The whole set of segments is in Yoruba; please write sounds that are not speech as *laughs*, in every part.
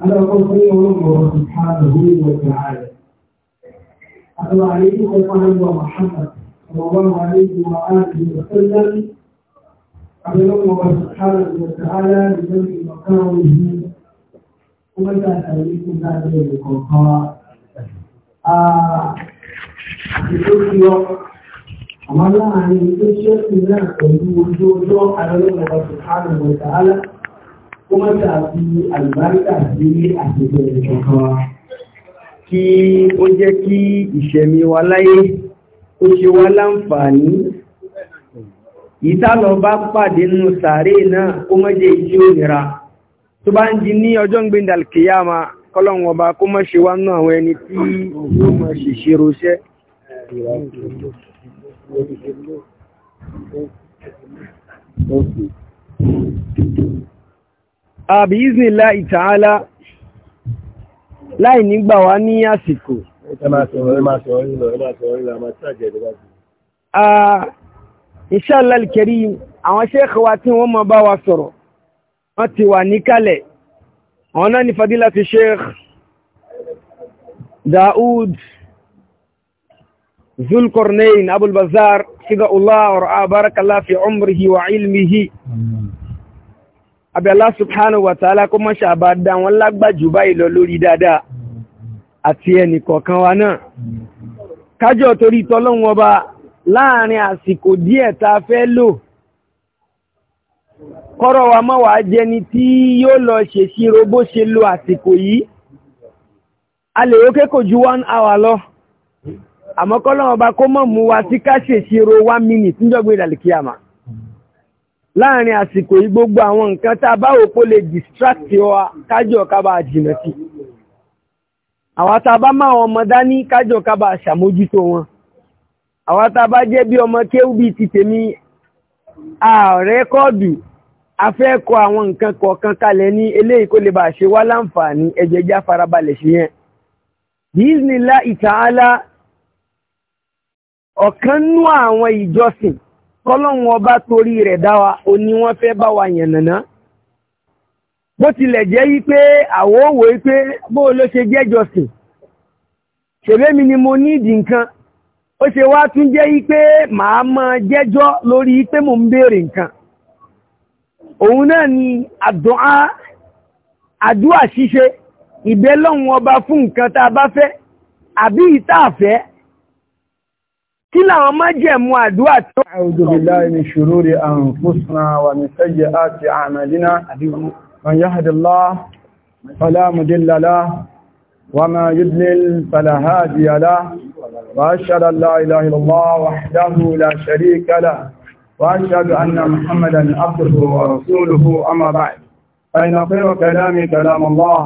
على قصدي ولمه سبحانه وتعالى أتوا عليه وقال محمد صلى الله عليه وآله وسلم على الله سبحانه وتعالى بجمع مقامه ومتى تأليكم ذلك بالقرقاء Ìtòsí ọ, àwọn aláàárín tó ṣe é sí náà pẹ̀lú ojú ọjọ́ àrẹ́lẹ́wọ̀n kó má dàbí àlùbáríkà sí àṣẹjọ ìjọkan wa kí ó jẹ́ kí ìṣẹ̀mí wa láyé ó ṣe wá láǹfààní ìtàlọ bá pàdé nínú sàárè náà kó má jẹ́ ìṣẹ́ òmìnira tó bá ń di ní ọjọ́ Thank you àbí ìsìnlá ìtààlá láì nígbà wá ní àsìkò ah, Inshallah al-Karim àwọn ṣẹ́ẹ̀kọ́ wa tí wọ́n mọ bá wa sọ̀rọ̀ wọ́n ti wà níkàlẹ̀ àwọn náà ni fadila ti Sheikh Daoud Zulkarnain Abul Bazar shiga Allah wa fi umrihi wa ilmihi. Amin abẹ́lá subhanahu wa ta'ala kó mọ́ ṣàbá dá wọn lágbàjù báyìí lọ lórí dáadáa àti ẹnì kọ̀ọ̀kan wa náà kájọ torí tọ́lọ́hun ọba láàrin àsìkò díẹ̀ tá a fẹ́ lò kọ́rọ̀ wa mọ́ wàá jẹni tí yóò lọ ṣèṣirò bó ṣe lo àsìkò yìí a lè yókè kò ju one hour lọ àmọ́ kọ́lọ́hun ọba láàrin àsìkò yìí gbogbo àwọn nǹkan tá a bá wò pó lè distract wa kájọ kábà jìnà sí àwọn tá a bá máa wọn ọmọ dání kájọ kábà ṣàmójútó wọn àwọn a bá jẹ́ bí ọmọ kéwú bíi ti tèmi àrẹ́kọ́ọ̀dù afẹ́kọ̀ àwọn nǹkan kọ̀ọ̀kan kalẹ̀ ní eléyìí kó lè bá ṣe wá láǹfààní ẹ̀jẹ̀já farabalẹ̀ ṣe yẹn bísínílá ìtàhálà ọ̀kan nú àwọn ìjọsìn tọ́lọ́run ọba torí rẹ̀ dá wa o ní wọ́n fẹ́ bá wa yànnàná bó tilẹ̀ jẹ́ wípé àwọ̀ òwò wípé bó ló ṣe jẹ́jọsìn ṣèlémi ni mo ní ìdì nǹkan ó ṣe wá tún jẹ́ wípé màá máa jẹ́jọ́ lórí pé mò ń béèrè nǹkan òun náà ni àdúà àdúà ṣíṣe ìbẹ́lọ́run ọba fún nǹkan tá a bá fẹ́ àbí ìta kí làwọn májẹ̀mú àdúrà tó. A'udhu billahi min shururi anfusina wa min sayyiati a'malina man وما يدلل فلا هادي له وأشهد أن لا إله إلا الله ورسوله أما بعد فإن خير كلام كلام الله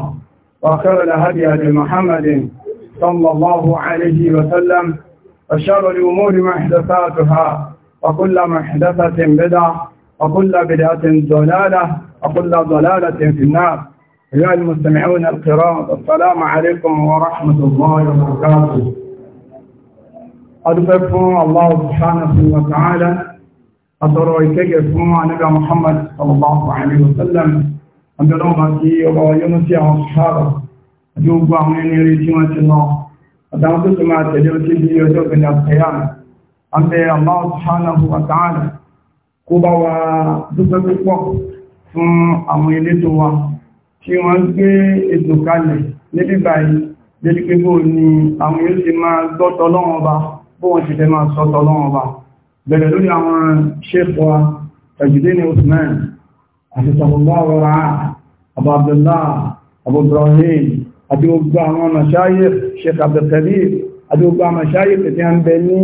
وخير الهدي هدي محمد صلى الله عليه وسلم وشر الأمور محدثاتها وكل محدثة بدعة وكل بدعة ضلالة وكل ضلالة في النار أيها المستمعون الكرام السلام عليكم ورحمة الله وبركاته أدفع الله سبحانه وتعالى أدروا إكيك نبي محمد صلى الله عليه وسلم أدروا ما كي يبا ينسي عن صحابه أدوبوا يريد àtàwọn tó tó máa tẹ̀lé ojú bí ọjọ́ pẹ̀lú àpẹyàm àmì Allah subhanahu wa ta'ala kó bá wa dúpẹ́ púpọ̀ fún àwọn elétò wa tí wọ́n gbé ètò kalẹ̀ níbi báyìí lórí ni àwọn yóò ti máa gbọ́tọ̀ lọ́wọ́ ọba bó wọ́n ti fẹ́ máa sọ́tọ̀ lọ́wọ́ ọba bẹ̀rẹ̀ lórí àwọn ṣẹ́fọ́ Tajudeen Sheikh Abdulkadir àdúgbò àmàṣáyé pẹ̀tẹ́ ń bẹ ní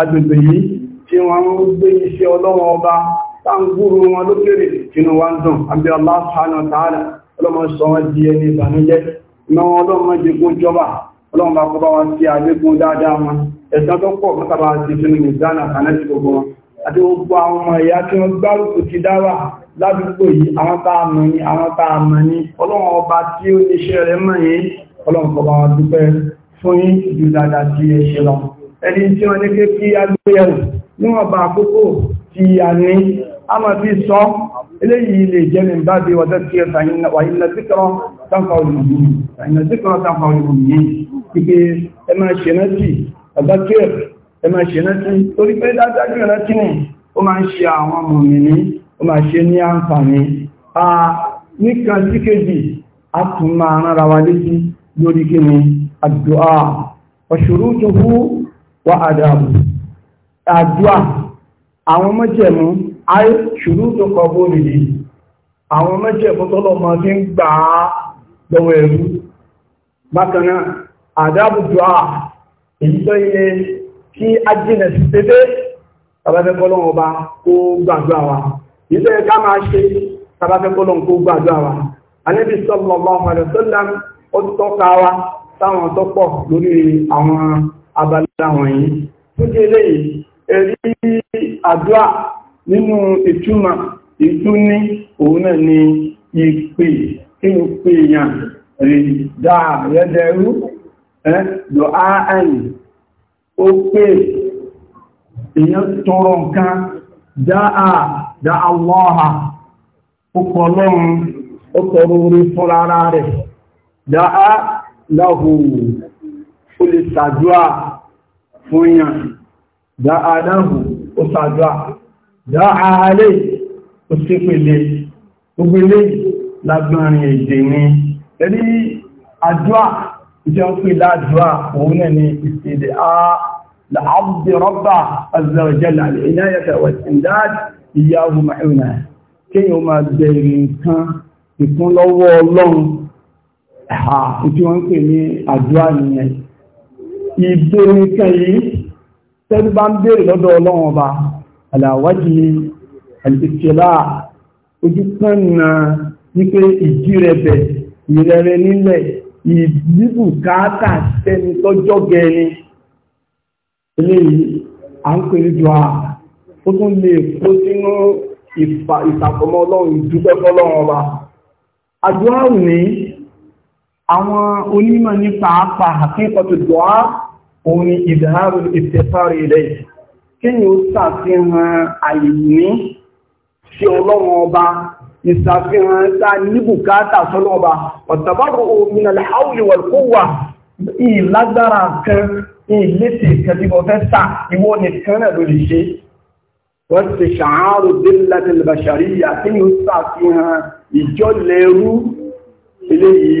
agbègbè yìí tí wọ́n ń gbé iṣẹ́ ọlọ́wọ́ ọba táǹgúrú wọn lókèrè tínú wa ń dùn àbí Allah subhanahu wa ta'ala ọlọ́mọ sọ wọn di ẹni ìbànújẹ́ náà ọlọ́mọ jẹ́kó jọba ọlọ́mọ bá kọ́ bá wọn sí àgbékún dáadáa wọn àwọn ọmọ ìyá tí àwọn táàmù ní ní ọlọ́wọ́n ọba tí ó níṣẹ́ rẹ̀ mọ̀ yìí ọlọ́nkọba dúpẹ́ fún ìjú dáadáa tí ẹ ṣe lọ ẹni tí wọ́n ní ké kí agbéyẹ̀wò níwọ̀n bá àkókò tí a ní a máa fi sọ eléyìí lè jẹ́ mi bá bí wọ́n tí ẹ wàyínà síkọrọ tánfà olùgbò yìí ẹ ni ó ní àǹfààní níkan a tún máa rán ra wa létí lórí kí ni àdúà ọ̀ṣùrútùhù wà àdàbù àdúà àwọn mẹ́jẹ̀mú àìṣùrútù kọbó nìdí àwọn mẹ́jẹ̀mú tọ́lọ́mọ tí ń gbà á lọ́wọ́ ẹ̀rú bákanáà àdàbù dùà èyí tó yẹ kí ajínẹ̀ sí pété tàbátẹ́ kọ́lọ́wọ́ bá kó gbàdúà wa ilé ó tọ́ka wa táwọn tó pọ̀ lórí àwọn abala wọ̀nyí tó jẹ́ léyìí ẹ̀rí àdúrà nínú ìtumọ̀ ìtúní òun náà ni ìpè kí n pè èèyàn rí dáa rẹ́dẹ̀rú lọ ààrẹ ó pè èèyàn tọrọ nǹkan dáa dáa wọ́ha ó kọ̀ lọ́run ó kọ̀ orí fún rẹ̀ dáa láhù ó lè sàdúà fún yàn dáa láhù ó sàdúà dáa alẹ́ ó sí pèlè gbogbo ilé lágbọ́nrin èdè ni ẹ̀rí àdúà ìjọ ń pè láàdúà òun náà ni ìsìdẹ̀ لعبد ربه عز وجل العناية والإمداد إياه معونه كي يوم الدين كان يكون لو الله ha tí wọ́n ń pè ní àdúrà nìyẹn ìbẹ̀rùnkàn yìí tẹ́lú bá ń bèèrè lọ́dọ̀ ọlọ́run ọba aláwájì àìsìkìlá ojúkànnà wípé ìjí rẹ̀ bẹ̀ ìrẹ̀rẹ̀ nílẹ̀ ìbíbù káàkà sẹ́ni tọ́jọ́ gẹni eléyìí à ń pè ní dùá ó tún lè kó sínú ìfàkọmọ́ ọlọ́run ìdúpẹ́ fọ́lọ́run ọba àdúrà ní àwọn onímọ̀ ní pàápàá àfíkọtù dùá òun ni ìdáhàrù ìfẹ́fàrí rẹ̀ kí ni ó sàfihàn àìní sí ọlọ́wọ́ ọba ìsàfihàn tá ní bùkátà sọ́lọ́ ọba ọ̀tàbárò òmìnà láàúlì wàlúkúwà ìlágbára kan ìlétí ìkẹtìbọ̀ fẹ́ sà ìwọ nìkan náà ló lè ṣe wọ́n ti ṣàárò délẹ́dẹ̀lẹ̀ bàṣàríyà kí ni ó sàfihàn ìjọ́lẹ̀rú eléyìí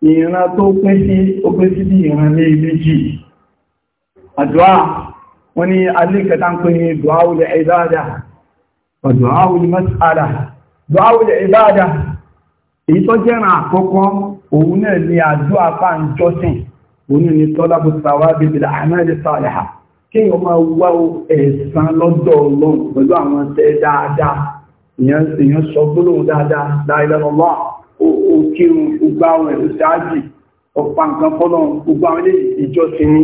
ìran tó pín sí ó pín sí bí ìran ní méjì àdúrà wọ́n ní alíkẹta ń pín ní dùáwùlẹ̀ ìbáadà dùáwùlẹ̀ mẹ́sàdà dùáwùlẹ̀ ìbáadà èyí tó jẹ́ràn àkọ́kọ́ òun náà ni àdúrà bá ń ni sọ òkèrún gbogbo àwọn ẹ̀rù dájì ọ̀pá nǹkan fọ́nà gbogbo àwọn ilé ìjọsìn ni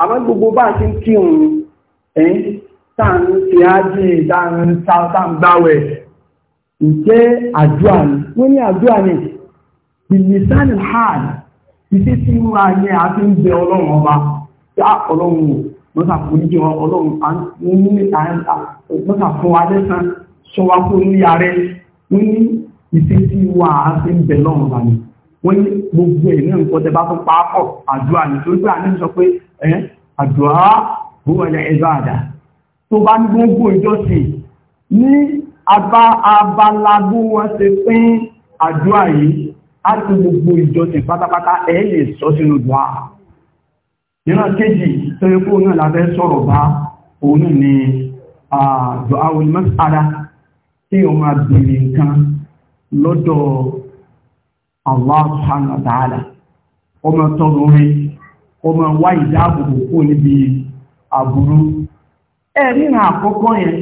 àmọ́ gbogbo bá ti ń kírun ẹ̀yìn táàrin ti ájì táàrin sáàgbáwẹ̀ ìjẹ́ àdúrà ni wọ́n ní àdúrà ni ìlìsánì hàn ìṣẹ́ tí wọ́n á yẹ àti ń bẹ ọlọ́run ọba yá ọlọ́run mọ́sà fún ìjọ ọlọ́run mọ́sà fún adẹ́sán sọ wá fún ní ààrẹ ní ìṣe tí wà á sí ń bẹ̀ lọ́rùn bá ní wọ́n ní gbogbo ẹ̀ náà nǹkan tẹ́ bá fún pápọ̀ àdúrà ní tó gbà ní sọ pé ẹ́ àdúrà bó wọlé ẹgbẹ́ àdá tó bá ní gbogbo ìjọsìn ní abalagbó wọn ṣe pín àdúrà yìí á ti gbogbo ìjọsìn pátápátá ẹ̀ lè sọ sínú dùá ìran kejì tó yẹ kó náà la fẹ́ sọ̀rọ̀ bá òun ní àdúrà olùmọ̀sára tí wọ́n máa bèèrè nǹkan lọ́dọ̀ Allah subhanahu wa ta'ala ọmọ tọrọ orí ọmọ wá ìdáàbòbò kó níbi àbúrú ẹ nínú àkọ́kọ́ yẹn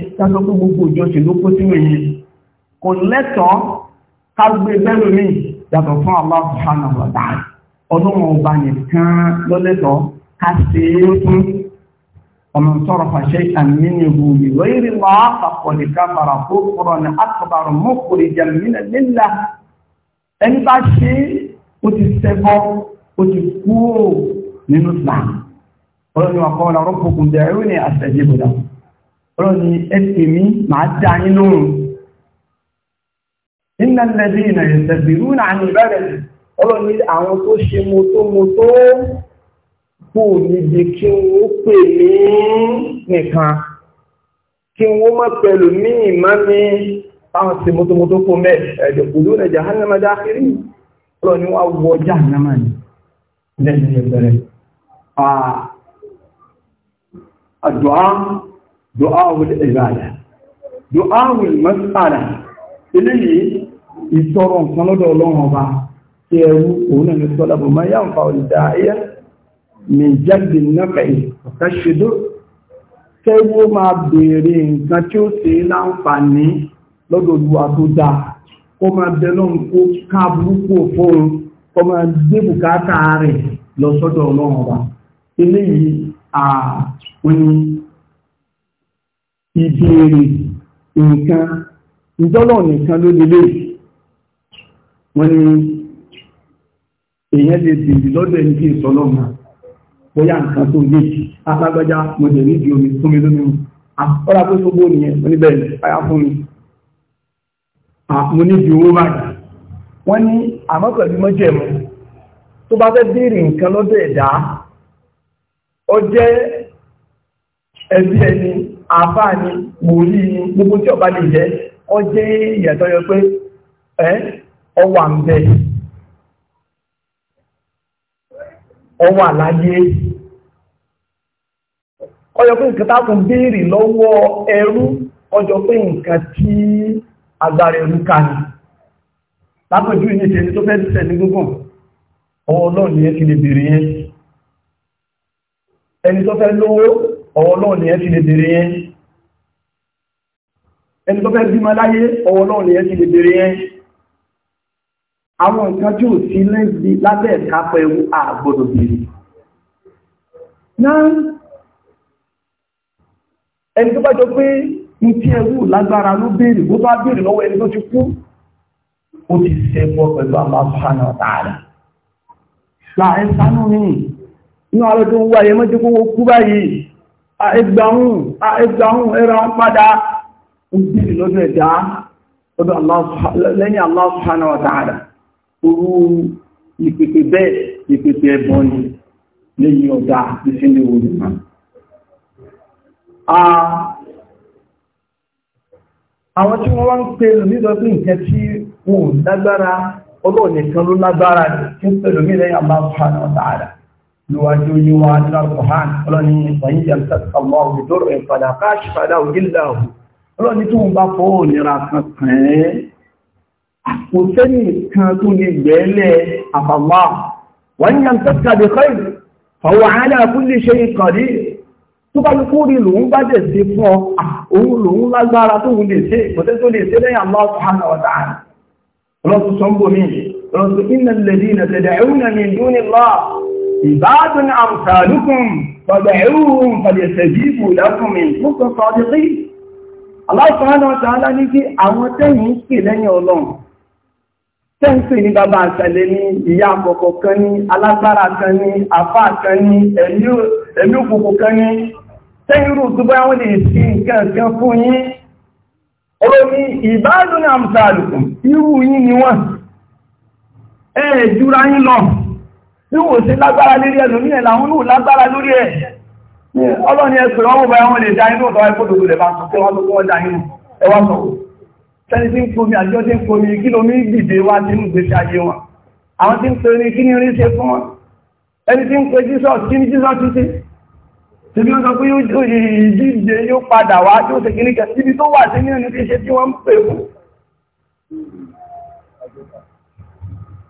gbogbo ìjọsìn ló kó sínú yẹn kò lẹ́tọ̀ọ́ ká bẹ́rù mi yàtọ̀ fún Allah ومن صرف شيئا منه لغير الله فقد كفر كفرا اكبر مخرجا من المله ẹni bá ṣe ó ti ṣẹbọ ó ti kú ó nínú islam ọlọ́ni ọkọ̀ ọ̀la rabbukum ud'uni astajib lakum ọlọ́ni ọlọ́ni àwọn tó ṣe mo tó mo tó kó níbi kí wọ́n pè mí nìkan kí wọ́n mọ́ pẹ̀lú mí ìmọ́ mi àwọn sí mọ́tòmọ́tò kó mẹ́ ẹ̀dẹ̀ kùlú nẹ̀jà hannama dákìrí lọ ni wọ́n wọ jahannama ni lẹ́yìn ìbẹ̀rẹ̀ àdùá dùá wọlé ìbàdà dùá wọlé mọ́sàdà eléyìí ìtọrọ nǹkan lọ́dọ̀ ọlọ́run ọba tí ẹrú òun náà ní sọ́lábọ̀ máa yá nǹkan ọ̀dà ayẹ́ mìjáde náfẹ̀ẹ́ ọ̀kẹ́ṣẹ́dó kẹ́wọ́ máa bèèrè nǹkan tí ó ṣe láǹfààní lọ́dọ̀ Olúwa tó dáa ó máa bẹ lọ́n kó káàbùkù fún ọ máa gbé bùkátà rẹ̀ lọ sọ́dọ̀ ọlọ́run ọba eléyìí àwọn ìbéèrè nǹkan ìjọ́lọ̀ nìkan ló lè léyìí wọ́n ní èèyàn lè bèèrè lọ́dọ̀ ẹni kí ìsọlọ́run náà bóyá nǹkan tó lè jì alágbájá mo lè ní ìdí omi mi lómi mu ọ̀rọ̀ pé gbogbo nìyẹn mo ayá fún mi mo ní ìdí owó báyìí wọ́n ní àmọ́ pẹ̀lú mọ́jẹ̀mú tó bá fẹ́ béèrè lọ́dọ̀ ẹ̀dá jẹ́ ẹbí ẹni ni gbogbo tí ọwọ́ àlàyé ọjọ́ pé nǹkan tákùn béèrè lọ́wọ́ ẹrú ọjọ́ pé nǹkan tí agbára ẹrú ká ní lápẹjú ní ṣe tó fẹ́ ní gúngùn ọwọ́ ọlọ́ọ̀ni ẹ ti lè yẹn ẹni tó fẹ́ lówó ọwọ́ ẹ ti lè yẹn ẹni tó fẹ́ bímọ láyé ọwọ́ ẹ àwọn nǹkan tí ò sí lẹ́sí lábẹ́ ìkápọ̀ ewu àgbọ̀dọ̀ bèrè náà ẹni tó bá jọ pé ní tí ẹwù lágbára ló bèrè bó bá bèrè lọ́wọ́ ẹni tó ti kú ó ti sẹ́gbọ́ pẹ̀lú àmàfàànà tààrà láàrín sánú ní inú ààrẹ tó ń wá ayé mọ́jú kówó kú báyìí àẹgbàhún àẹgbàhún ẹra ń padà ń bèrè lọ́dọ̀ lẹ́yìn Allah subhanahu wa ta'ala orú ìpèpè bẹ́ẹ̀ ìpèpè ẹbọ ni lẹ́yìn ọ̀dá ìfẹ́lẹ̀ òun nìkan. Àwọn tí wọ́n wá ń pè lómi lọ sí nǹkan tí wọn ò lágbára ọlọ́ọ̀ nìkan ló lágbára tí ń pè lómi lẹ́yìn Allah subhanahu wa ta'ala. Lúwájú yí wá ní Al-Qur'an, ọlọ́ni ìfàyí jàmsà ọmọ òbí tó rẹ̀ padà káàṣì padà ògìlà ọ̀hún. Ọlọ́ni tí wọ́n bá fọ́ òníra kan kàn kò sẹ́ni kan tó lè gbẹ̀ẹ́lẹ̀ àfàmà wọ́n yàn tẹ́kàdé kọ́ì fọwọ́ àádá kulli shay'in qadir tó bá ní kúrì lòun bá dẹ̀ sí fún ọ òun lòun lágbára tó wù lè ṣe ìpọ̀tẹ́ tó lè ṣe lẹ́yìn Allah subhanahu wa ta'ala ọlọ́sùn sọ́mbò mi ọlọ́sùn innal ladina tad'una min dunillah ibadun àwọn tẹ́yìn ń pè lẹ́yìn ọlọ́run tẹ́ǹsì ní bàbá àṣẹlẹ̀ ní ìyá àkọ́kọ́ kan ní alágbára kan ní àfá kan ní ẹ̀mí òkùnkùn kan ní tẹ́yìnrù tó bá wọ́n lè sí nǹkan kan fún yín olómi ìbáàdùn ní àmsàlùkùn irú yín ni wọ́n ẹ̀ jura yín lọ bí wò sí lágbára lórí ẹ̀ lómi ẹ̀ làwọn olóò lágbára lórí ẹ̀ ọlọ́ni ẹ̀ pẹ̀lú ọmọ bá wọ́n lè dá inú ọ̀tọ̀ ẹ̀kọ́ tẹ́ni tí ń pomi àjọ tí ń pomi kí ló ní dìde wá sí ní ìgbésí ayé wọn àwọn tí ń pe ní kí ní orí ṣe fún wọn ẹni tí ń pe jesus kí ní jesus ti ṣe tí bí ó sọ pé yóò ìdíje yóò padà wá tí ó ṣe kí ní kẹ síbi tó wà sí ní òní ti ṣe tí wọ́n ń pè fún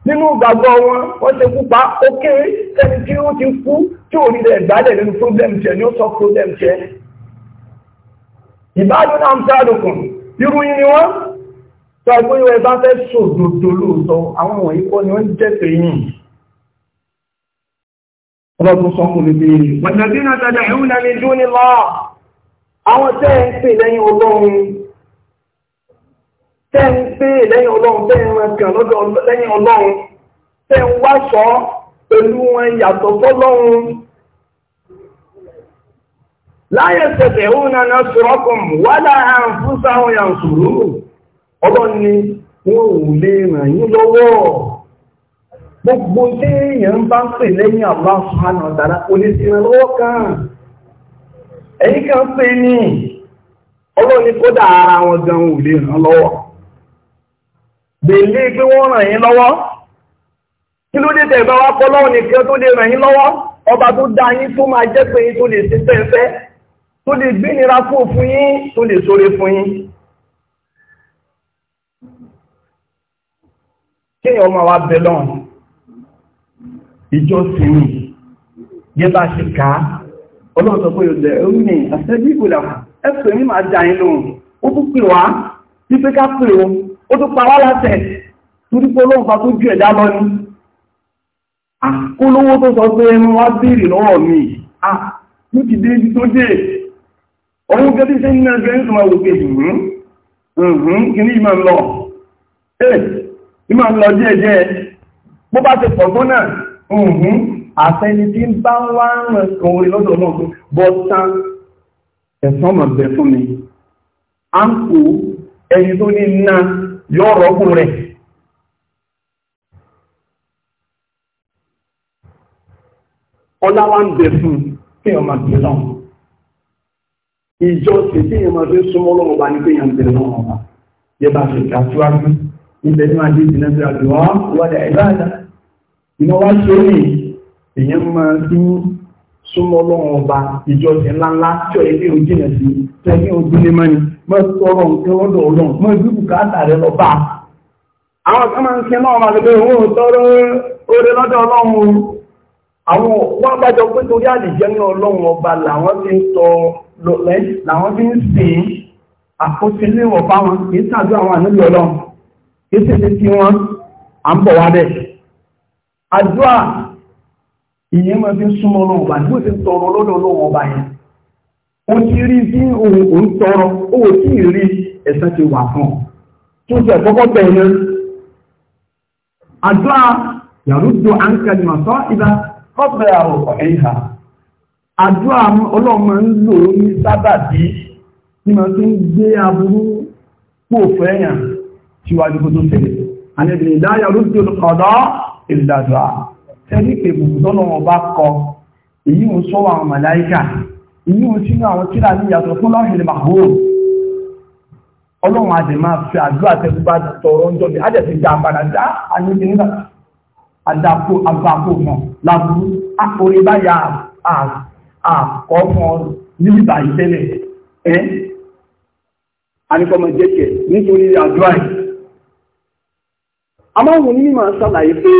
nínú ìgbàgbọ́ wọn wọ́n ṣe kúpa ó kéré tẹ́ni tí ó ti kú tí ò rí rẹ̀ gbálẹ̀ nínú problem tiẹ̀ ni ó sọ problem tiẹ̀ ìbádùn náà ń sádùn kùn irú yìí ni wọ́n tó agbó ìwẹ̀ bá fẹ́ sòdòdó lóòótọ́ àwọn wọ̀nyí kọ́ ni wọ́n jẹ́ tèyìn ọlọ́dún sọ́kùn lè béèrè wàtàbí náà tàbí ẹ̀hún náà lè dún ní lọ àwọn tẹ́ ń pè lẹ́yìn ọlọ́run ọlọ́run ni wọ́n ò lè ràn lọ́wọ́ gbogbo téèyàn bá ń pè lẹ́yìn àbá subhanahu wa ta'ala kan ẹ̀yìn kan pè ní ọlọ́run ara wọn gan ò lè ràn lọ́wọ́ pé wọ́n ràn lọ́wọ́ kí ló dé ọba tó dá yín tó máa jẹ́ pé yín tó lè tó lè fún òfin yín tó kéèyàn máa wá bẹ lọ́n ìjọ sinmi gẹ́ bá ṣe ká ọlọ́ọ̀tọ̀ pé ìlẹ̀ orílẹ̀ àṣẹ́bí ìgbòlà ẹ̀pẹ̀ ní máa dáyín lóhun ó tún pè wá tí pé ká pè ó ó tún pa wá látẹ̀ torí pé olóhùn fa tó ju ẹ̀dá lọ ní akólówó tó sọ pé ẹnu wá béèrè lọ́rọ̀ mi ló ibi tó dé ọ̀hún gẹ́gẹ́ sí ní ẹgbẹ́ nítorí wọ́n wò pé kìíní ìmọ̀ lọ ìmọ̀ ń lọ díẹ̀díẹ̀ bó bá ti pọ̀ tó náà ǹhún àfẹni tí ń bá wá ń rìn kan orí lọ́dọ̀ náà tó bọ́ tán ẹ̀sán ọmọ bẹ̀ fún mi à ń kó ẹni tó ní ná yọ rọ́gùn rẹ̀ ọlá ń bẹ̀ fún kí ọmọ bẹ̀ lọ́wọ́ ìjọ tètè yẹn máa fi súnmọ́ lọ́wọ́ bá ní pé yẹn bẹ̀ lọ́wọ́ yẹ bá fi kà síwájú ibẹ̀ tí wọ́n dé ìdínà sí àdúwá wọ́dẹ̀ ìbáadà ìmọ̀ wá ṣe ní èyàn máa tí súnmọ́ lọ́wọ́ ọba ìjọsìn ńláńlá tí ọ̀yẹ́ ní ojìnà sí tẹ́gbẹ́ ojúlé mọ́ni mọ́ sọ̀rọ̀ nǹkan ọ̀dọ̀ ọ̀dọ̀ mọ́ ibi bùkátà rẹ lọ bá àwọn kan máa ń sin náà máa gbé òun sọ̀rọ̀ oore lọ́dọ̀ ọlọ́run àwọn wọ́n gbájọ pé torí àlìjẹ́ ní ọlọ́run ọba làwọn ti ń sọ làwọn ti ń sìn àkóso ilé ìwọ̀ fáwọn kì í sàdó àwọn àníbi ọlọ́run ìsìnkú tí wọ́n a ń bọ̀ wá bẹ̀. àdúrà ìyẹn máa fi súnmọ́ lọ́wọ́ bá nígbò tí ń tọrọ lọ́dọ̀ lọ́wọ́ bá yẹn ó ti rí sí ohun òun tọrọ ó tí ì rí ẹ̀san ti wà fún tó ṣe kọ́kọ́ bẹ̀ yẹn àdúrà yàrúdò àǹkàlì màsọ́ ìlà kọ́bẹ̀ àrò ẹ̀yà àdúrà ọlọ́mọ ń lò ní sábàbí ní máa fi ń gbé aburú pò fẹ́yàn síwájú kó tó tẹ̀lẹ̀. Àníbìnrin láyà lójú olùkọ̀dọ́ ìlàdùà. Tẹ́lí pé bùbùtọ́nà wọn bá kọ, èyí ń sọ àwọn màláíkà, èyí ń sínú àwọn tíra ní ìyàtọ̀ fún lọ́hìn màhó. Ọlọ́run àdè máa fi àdúrà tẹ́lú bá tọrọ ń jọbi, àdè ti dá padà dá àníbìnrin náà. Àdàpọ̀ àgbàpò mọ̀ láburú, àkórí báyà ní ìbàyí tẹ́lẹ̀. Ẹ́ àníkọ́mọ jẹ́kẹ̀ nítorí àdúrà yìí amáhùn ní máa sàlàyé pé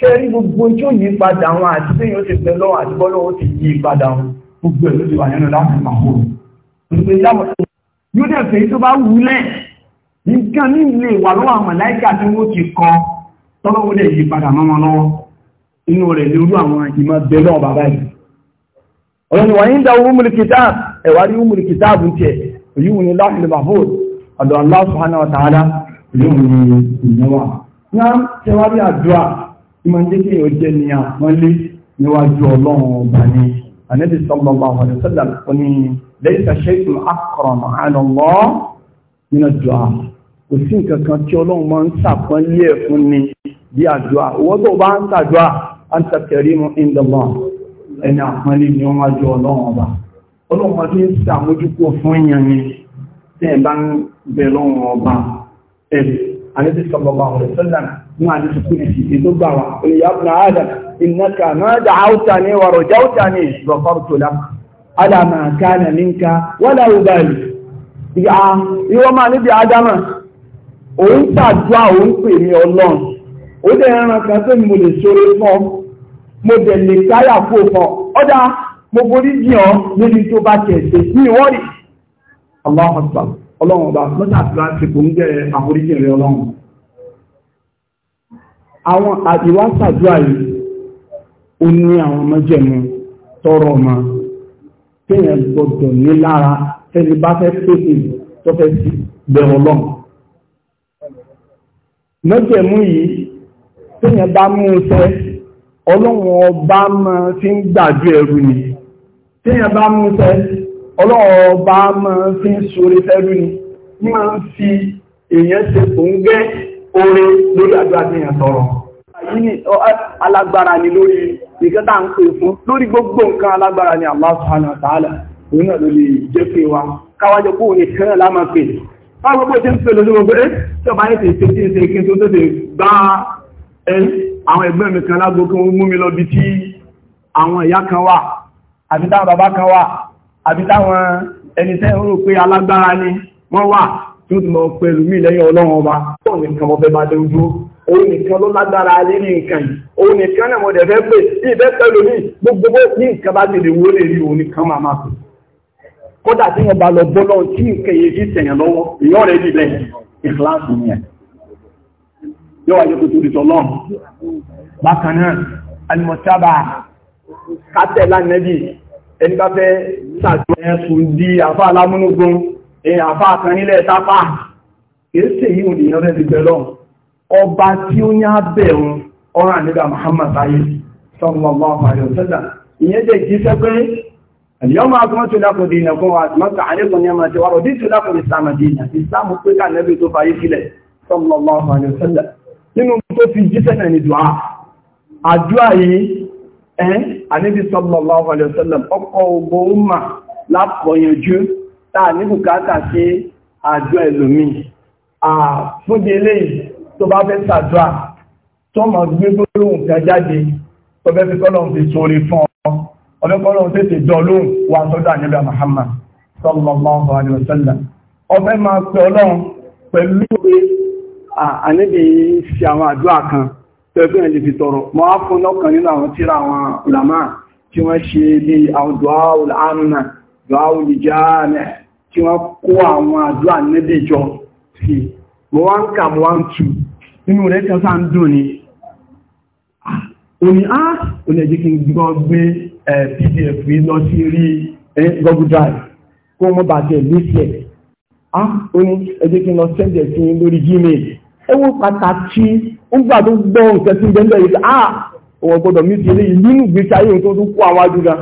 ṣe rí gbogbo tí ó yí padà wọn àti tí yóò ti pẹ̀ lọ́wọ́ àti bọ́lọ́ ó ti yí padà wọn gbogbo ẹ̀ ló ti wà nínú láti máa hó ìpè ìjábọ̀ yóò dẹ̀ fẹ́ tó bá wúlẹ̀ nǹkan ní ilé wà lọ́wọ́ àwọn màláíkà tí wọ́n ti kọ tọ́lọ́ ó dẹ̀ yí padà mọ́ wọn lọ́wọ́ inú rẹ̀ lórí àwọn ìmọ̀ bẹ́lọ́ bàbá yìí ọ̀rọ̀ wà ní ìdá umul kitab ẹ̀wà rí umul kitab tiẹ̀ òyíwò ní láti lè bàbá ọ̀dọ̀ Allah subhanahu wa ta'ala yóò ní ìnáwà. Ní a tẹwà bí àdúrà, ìmọ̀ jẹ́ kí èèyàn jẹ́ ní àpọ́nlé níwájú ọlọ́run ọba ni. Ànẹ́bí sallallahu alaihi wasallam Allah nínú àdúrà. Kò sí nǹkan kan tí ọlọ́run máa ń sàpọ́nlé ẹ̀ fún ni bí àdúrà. Owó tó bá ń sàdúrà, anta karimun inda Allah. Ẹni àpọ́nlé ni wọ́n wájú ń sàmójúkú fún ìyàn ni. Tẹ́ẹ̀ bá ń ẹ̀rì àníbi sọ̀lọ̀lọ̀ àwọn ìṣẹ́lẹ̀ náà ní ṣùkúrìtì ètò gbà wà olùyàbùnà adam ìnáka máa dà áwùtà ní wàrọ̀ jáwùtà ní ìṣọ̀fọ́rùtò lá adama kánà níka wọ́lá ìbàlì ìwọ máa níbi adama òun tàdúrà òun pè ní ọlọ́run ó dẹ̀ ẹran kan tó mo lè ṣoore fún mo dẹ̀ lè káyà fún ọ ọ̀dà mo borí jìn níbi tó bá tẹ̀ ṣe ní ìwọ́rì Allahu ọlọ́run ọba mọ́sàtìlá ti kò ń jẹ́ àforíjì rẹ̀ ọlọ́run àwọn àdíwá sàdúrà yìí ó ní àwọn mọ́jẹ̀mú tọrọ ọmọ téèyàn gbọdọ̀ ní lára tẹ́lẹ̀ bá fẹ́ pèsè tó fẹ́ sí bẹ̀rọ ọlọ́run mọ́jẹ̀mú yìí ọlọ́wọ́ bá máa fi sórí fẹ́rú ni ní máa ń fi èèyàn ṣe fún gẹ́ lórí àdúrà tọrọ alágbára ni lórí nǹkan tá ń pè fún lórí gbogbo nǹkan alágbára ni Allah subhanahu wa ta'ala òun náà wa káwájọ kó òun ìkan náà lámà pè bá gbogbo ṣe ń pè lójú gbogbo ẹ́ tí ọba ní tèèṣe tí ń ṣe kí n tó tètè gbá àwọn ìyá kan wà àti táwọn bàbá kan wà àbí táwọn ẹni tẹ́ ń rò pé alágbára ni wọ́n wà tí ó ti mọ̀ pẹ̀lú mí lẹ́yìn ọlọ́run ọba tó nìkan mọ̀ fẹ́ bá dé ojú òun nìkan ló lágbára lérí nǹkan yìí òun nìkan náà mọ̀dẹ̀ fẹ́ pè sí ìfẹ́ pẹ̀lú ní gbogbo ní nǹkan bá ti wó lè rí òun nìkan máa máa pè kódà tí wọ́n bá lọ bọ́lọ́ tí nǹkan yìí fi tẹ̀yàn lọ́wọ́ èèyàn rẹ̀ dì lẹ́yìn ìkíláàsì yẹn yóò wáyé kó torí tọ́ lọ́run bákan náà alimọ̀tábà ẹni bá fẹ́ sàtẹ̀ẹ́sùn di àfá alámúnúgbọ́n àfá kan nílẹ̀ tápà kéèsè yìí ò lèyàn rẹ̀ ti bẹ̀lọ́ ọba tí ó ní àbẹ̀rún ọ̀rọ̀ àníbà Muhammad ayé sallallahu alaihi wasallam ìyẹn jẹ́ ìjíṣẹ́ pé اليوم أكملت لكم دينكم وأتممت عليكم نعمتي ورضيت لكم الإسلام دينا الإسلام pé ká Ànábì tó fayé sílẹ̀ sallallahu alaihi wasallam nínú tó fi jíṣẹ́ náà ni dùá àdúrà yìí ẹ́n àníbí sallallahu alaihi wasallam ọkọ̀ ogun ọmọ lápọ̀yànjú táà ní bùkátà sí àjọ ẹlòmí fúnjẹ eléyìí tó bá fẹ́ sàdúrà tó mọ̀ gbé gbólóhùn kan jáde tó fẹ́ fi kọ́lọ̀hùn ti sórí fún ọ ọlọ́kọ́lọ́hùn tètè dọ̀lóhùn wà sọ́dọ̀ àníbí Muhammad sallallahu alaihi wasallam ọfẹ́ máa pẹ ọlọ́run pẹ̀lú pé àníbí ṣe àwọn àdúrà kan pẹ̀lú ẹ̀lẹ́ fi tọrọ mọ́ á fún lọ́kàn nínú àwọn tíra àwọn ulama tí wọ́n ṣe bí àwọn duwáwùl àmà duwáwùl jáàmẹ́ tí wọ́n kó àwọn àdúrà níbi ìjọ sí mọ́ wá ń kà mọ́ wá ń tu nínú rẹ̀ kan ń dùn ni òní á ò lè kí n gbọ́ gbé pdf lọ sí rí drive kó mọ́ bàtẹ̀ lóṣẹ̀ á ò ní ẹ ewu pàtàkì ńgbà tó gbọ́ nǹkan tí jẹ́ lẹ́yìn à ah, òwò gbọ́dọ̀ mí ti eléyìí nínú ìgbésí ayé tó tún kó àwájú ga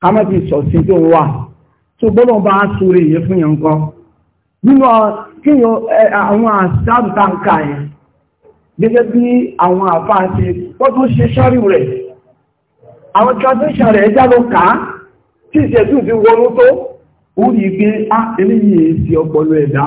ká má ti sọ̀tí tó ń wà tó gbọ́dọ̀ bá a sórí èyí fún yẹn nǹkan nínú kíyàn àwọn àṣàbùtà ń ka yẹn gẹ́gẹ́ bí àwọn àfáàṣe wọ́n tó ṣe ṣárí rẹ̀ àwọn tradition rẹ̀ já ló kàá tí ìṣẹ̀tù ti wọnú tó ó rí pé á ah, eléyìí èsì ọpọlọ ẹ̀dá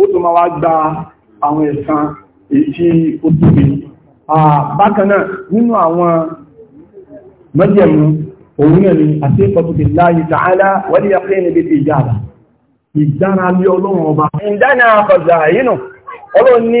ó tó máa wá gba àwọn ẹ̀san èyí ó tóbi bákan náà nínú àwọn mọ́jẹ̀mú òun náà ni àti ìfọ́tòkè láyé tààlá wọ́n yẹ pé níbi ìjára ìjára lé ọlọ́run ọba ìdáná àkọ̀zà ọlọ́run ní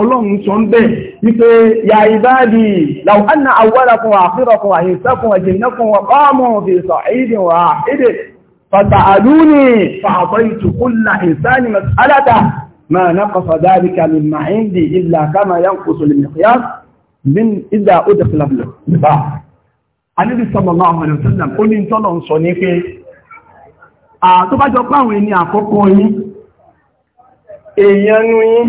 ọlọ́run sọ ń bẹ̀ wípé ya ìbáàdì láwọn anna awwalakum wa akhirakum wa insakum wa jinnakum wa qamun bi sa'idin wahidin fas'aluni fa'ataytu kulla insanin mas'alatahu ma naqasa dhalika mimma 'indi illa kama yanqusu al-miqyas min idha udkhila al-libah Ànábì sallallahu alaihi wasallam ó ní tọ́lọ̀ ń sọ ní pé àtọ́bájọ́ pàwọn ẹni àkọ́kọ́ yín èèyàn nú yín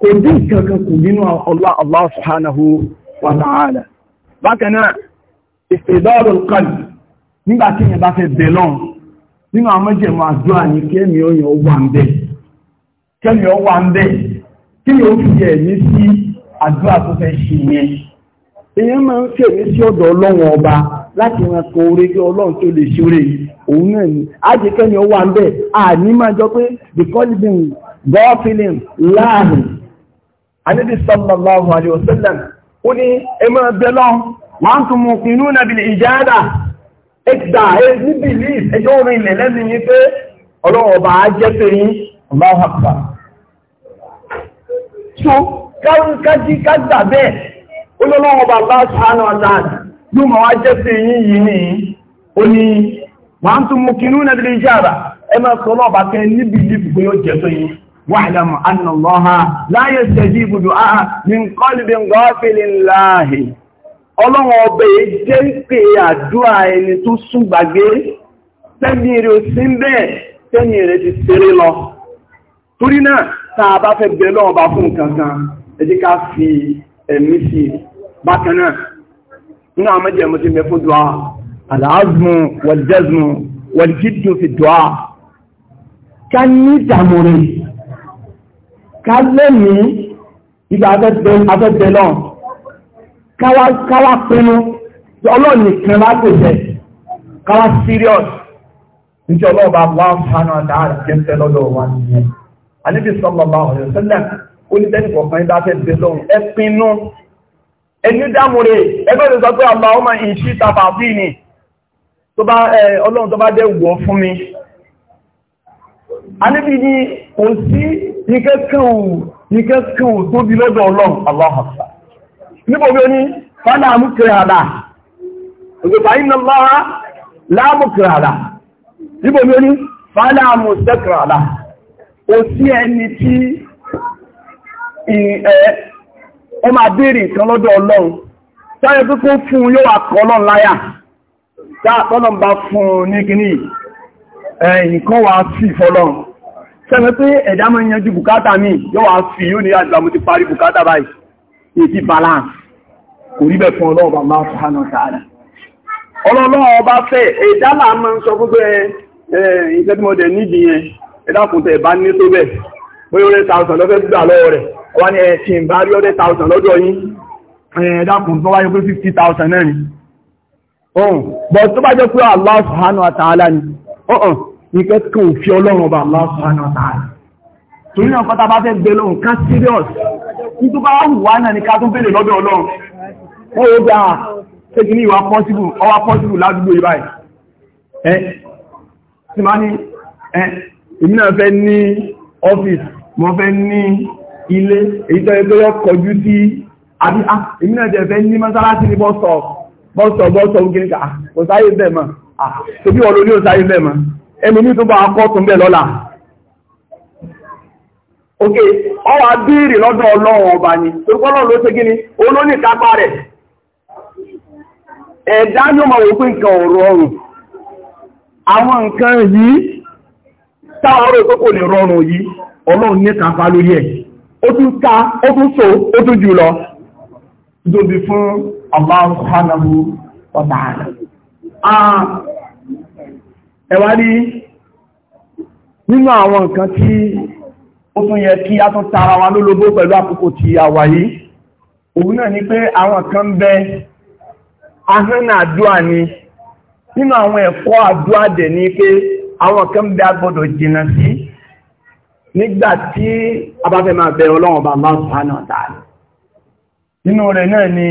kò dín kankan kù nínú Allah subhanahu wa ta'ala bákan ìfẹ̀dọ́rọ̀ kọlù nígbàtí ìyẹn bá fẹ́ bẹ̀lọ́n nínú àwọn mẹ́jẹ̀mọ́ àdúrà ní fi yẹ ní sí àdúrà tó fẹ́ ṣe yẹn èyàn máa ń ọba láti wọn kọ orí kí ọlọ́run tó lè ni ó wà ń bẹ̀ máa jọ pé the anibi sallallahu alayhi wa sallam ó ní ẹmọ́ ẹgbẹ́ lọ tún mú na bil ijada ẹgbà ní belief ẹjọ́ orin ilẹ̀ lẹ́nu yìí pé ọlọ́wọ́ bá jẹ́ pé yín Allahu so kájí kágbà bẹ́ẹ̀ ó bá bá sàánà láàrín yóò wá jẹ́ pé ní tún mú na واعلم أن الله لا يستجيب دعاء من قلب غافل الله ọlọ́run ọbẹ̀ jẹ́ pé àdúrà ẹni tó sún gbàgbé tẹ́mì rẹ̀ sí ń bẹ́ẹ̀ tẹ́mì rẹ̀ ti ṣeré lọ torí náà tàà bá fẹ́ bẹ̀ lọ́wọ́ bá fún kankan ẹ jẹ́ ká fi ẹ̀mí sí bákan ká lẹ́mí ibi afẹ́fẹ́ náà káwà pinnu ọlọ́run nìkan láti jẹ káwà serious níjọ́ ọlọ́ọ̀bá wọ́n fánà dáadáa jẹ́ lọ́dọ̀ wa nìyẹn Ànábì sallallahu alaihi wasallam olùtẹ́nìkọ̀ọ̀kan ìdáfẹ́ bẹ̀lọ́run ẹ pinnu ẹni dámúre ẹgbẹ́rẹ̀ sọ pé Allahumma in shi'ta fa'tini ọlọ́run tó bá dẹ́ wọ́ fún mi Ànábì ni kò sí ìkẹ́kẹ́ ò tóbi lọ́dọ̀ ọlọ́run aláhàfà. Níbo bí ó ní, fádà múkèrè àdá, iná lọ́wọ́ láàmùkèrè àdá. bí ó ní, fádà múkèrè àdá, sí ẹni tí ọ máa béèrè nǹkan lọ́dọ̀ ọlọ́run. Sáyẹ̀ tó fún yóò ẹ̀yìnkan wà sí fọ́lọ́run sẹ́mẹ́ pé ẹ̀dá máa yanjú bùkátà mi yóò wá fi yóò ní àjùlá mo ti parí bùkátà báyìí ètí balance kò rí bẹ̀ fún ọlọ́ọ̀bà máa subhanahu wa ta'ala ọlọ́lọ́ọ̀ bá fẹ́ ẹ̀dá là máa ń sọ gbogbo ìṣẹ́ tí mo dẹ̀ nídìí yẹn ẹ̀dá kùn tẹ̀ bá ní tó bẹ̀ bóyá ọ̀rẹ́ tàùsàn lọ́fẹ́ gbà lọ́wọ́ rẹ̀ wá ní ẹ̀ṣin bá rí ọ̀rẹ́ tàùsàn lọ́dọ̀ yín ẹ̀dá kùn tó wáyé pé 50,000 náà ni ọ̀hún bọ̀ tó ní kẹ́kẹ́ òfí ọlọ́run ọba aláàfáàná tààrà torí náà kọ́ta bá fẹ́ gbé lóhun ká serious ní tó bá wù wá náà ní ká tún bèèrè lọ́dọ̀ ọlọ́run ó yóò gbá ṣégi ní ìwà pọ́síbù ọwá pọ́síbù ládùúgbò ìbáyìí ẹ́ tí máa ní ẹ́ èmi náà fẹ́ ní ọ́fíìsì mo fẹ́ ní ilé èyí tó yẹ pé yọ kọjú sí àbí èmi náà jẹ́ fẹ́ ní mọ́sálásí ní bọ́sọ̀ bọ́sọ̀ bọ́sọ̀ ẹni ní tó bá akọ́ tún bẹ́ lọ́la ok ọwà bíìrì lọ́dọ̀ ọlọ́run ọba ni torúkọ́lọ́ ló ṣe gíní olóní kápá rẹ̀ ẹ̀dá ní ọmọ òpin nǹkan ọ̀rọ̀ ọrùn àwọn nǹkan yìí táwọ́rọ̀ tó kò lè so ó tún jù lọ tóbi fún Allah ẹwà rí nínú àwọn nǹkan tí ó tún yẹ kí a tún tara wa lólobó pẹ̀lú àkókò tí a wà yìí òun náà ni pé àwọn kan bẹ ahánà àdúà ni nínú àwọn ẹ̀kọ́ àdúà dẹ̀ ni pé àwọn kan bẹ agbọ́dọ̀ jìnà sí nígbà tí a bá fẹ́ máa bẹ ọlọ́run bá máa sàánà dáa nínú rẹ̀ náà ni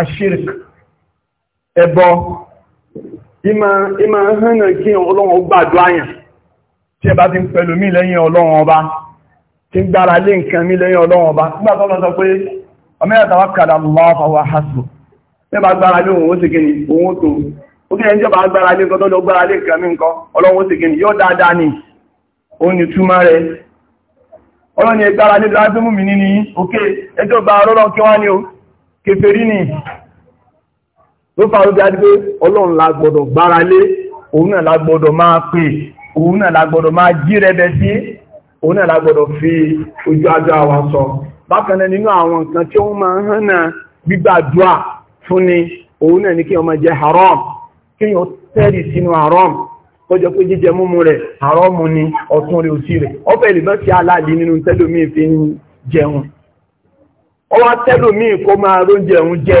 ashirk ẹbọ ìmọ̀ hànà kí ọlọ́run ó gbàdúrà yàn tí ẹ bá ti ń pẹ̀lú mí lẹ́yìn ọlọ́run ọba tí ń gbára lé nǹkan mí lẹ́yìn ọlọ́run ọba nígbà sọ pé ọmọ kàdà lọ́wọ́ wa hasbù tí ẹ bá gbára lé òun ó sì kíni òun ó tó ó kí ẹni tí ó bá gbára lé nǹkan tó lọ gbára lé nǹkan mí nǹkan ọlọ́run ó sì kíni yóò dáadáa ni ló fà ó jáde pé ọlọ́run la gbọ́dọ̀ gbára lé òun náà la gbọ́dọ̀ máa pè òun náà la gbọ́dọ̀ máa jí rẹbẹ sí òun náà la gbọ́dọ̀ fi ojú ajọ́ àwa sọ bákan náà nínú àwọn nǹkan tí wọ́n máa ń hàn náà gbígbàdúà fún ni òun náà ni kí ọmọ jẹ haram kí yọ tẹ́rì sínú haram ó jọ pé jíjẹ múmú rẹ̀ haram ni ọ̀tún rẹ̀ òsì rẹ̀ ọfẹ́ ìlúbọ́n sí aláàlì nínú tẹ́lòmí fi ń jẹun ọwá tẹ́lòmí kó máa róúnjẹun jẹ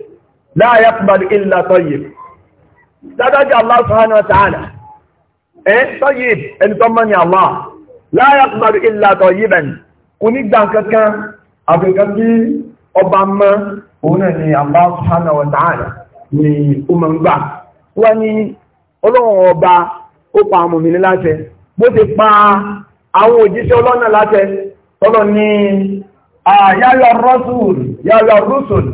la yaqbal illa tayyib dádájá Allah subhanahu wa ta'ala ẹ́ tayyib ẹni tó mọ́ ni Allah la yaqbal illa tayyiban kò ní gbà kankan àfikà bí ọba mọ́ òun ni Allah subhanahu wa ta'ala ni ó mọ́ ń gbà wọ́n ni ọlọ́run ọba ó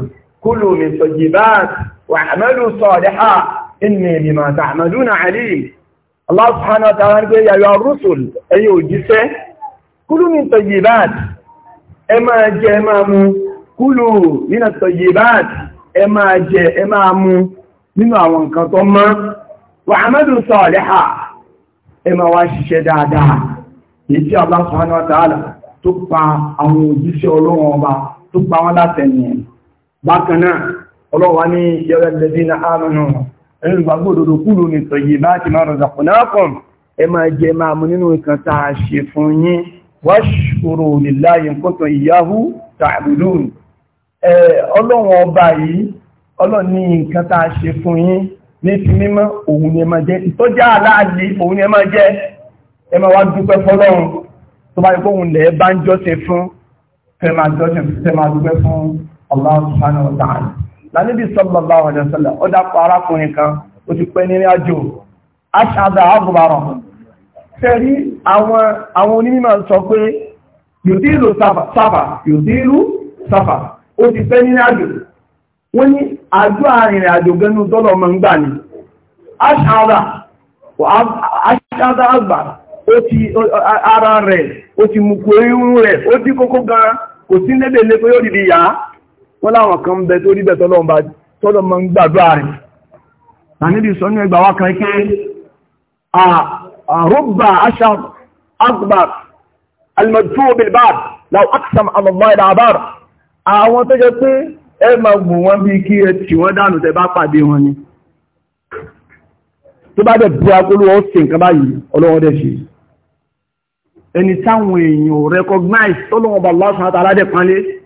pa كلوا من طيبات واعملوا صالحا إني بما تعملون عليم الله سبحانه وتعالى يقول يا أيها الرسل أيها الجسة كلوا من طيبات أما جمام كلوا من الطيبات أما جمام من أولك ثم واعملوا صالحا أما واشش دادا يتي الله سبحانه وتعالى تقبع أو الجسة ولوم تقبع ولا تنين bákanáà ọlọ́wà ní yọ́rẹ̀ lẹ́dínà àmànà ẹni gbàgbọ́ òdòdó kúrò ní tọ̀yí bá ti máa razaqnakum ẹ máa jẹ máa mú nínú nǹkan tá a ṣe fún yín washkuru lillahi kuntum iyyahu ta'budun ọlọ́wọ̀n ọba fún yín ní ni ẹ máa jẹ ìtọ́jà aláàlì òun ni ẹ máa jẹ ẹ máa wá dúpẹ́ fún Allah subhanahu wa ta'ala lánàbí sallallahu alaihi wasallam ó dápọ̀ arákùnrin kan ó ti pẹ́ nínú àjò aṣáàdà àgbàrọ̀ tẹ́rí àwọn onímọ̀ sọ pé yòdílù sáfà yòdílù sáfà ó ti pẹ́ nínú àjò wọ́n ní àjò àrìnrìn àjò gẹnu tọ́lọ̀ mọ́ ń gbà ní aṣáàdà àgbàrọ̀ ara rẹ̀ ó ti mú kò sí lẹ́bẹ̀ẹ́ lé pé ó yàá wọ́n láwọn kan bẹ tó rí bẹ̀ tọ́lọ́ mọ́ ń gbàdúrà rẹ̀ nàníbi sọ ní ẹgbàwá kan kí àrùbà aṣà akbar almọ̀tú bilbad láwọn aksam alọ́gbà ìdàbàr àwọn tó jẹ́ pé ẹ ma gbù wọn bí kí ẹ tí wọ́n dánù tẹ bá pàdé wọn ni tó bá dẹ̀ bú akólú ó sì nǹkan báyìí ọlọ́wọ́ dẹ̀ ṣe ẹni táwọn èèyàn recognize tọ́lọ́wọ́ bá lọ́sàn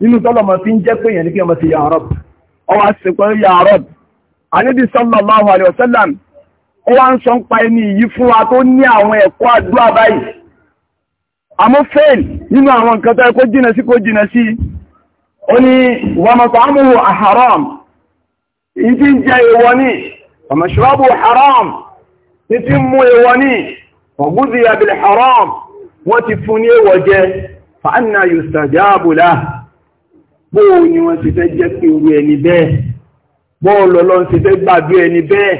nínú tọ́lọ̀mà fi ń jẹ́ pé èèyàn ní kí ọmọ sí ya Rabb ó wá sí pé ya Rabb àníbi sallallahu alaihi wasallam ó wá ń sọ ń pa ẹni yìí fún wa tó ní àwọn ẹ̀kọ́ àdúrà báyìí àmọ́ fail nínú àwọn nǹkan tó ẹkọ́ jìnà sí kó jìnà sí ó ní wa mat'amuhu haram ìdí ń jẹ èèwọ̀ ní wa mashrabu haram títí mú èèwọ̀ ní wa ghudiya bil wọ́n ti fún ní èèwọ̀ jẹ fa anna yustajabu lah bóò ni wọ́n ti fẹ́ jẹ́ pé ẹni bẹ́ẹ̀ bóò lọ́lọ́ ti fẹ́ ẹni bẹ́ẹ̀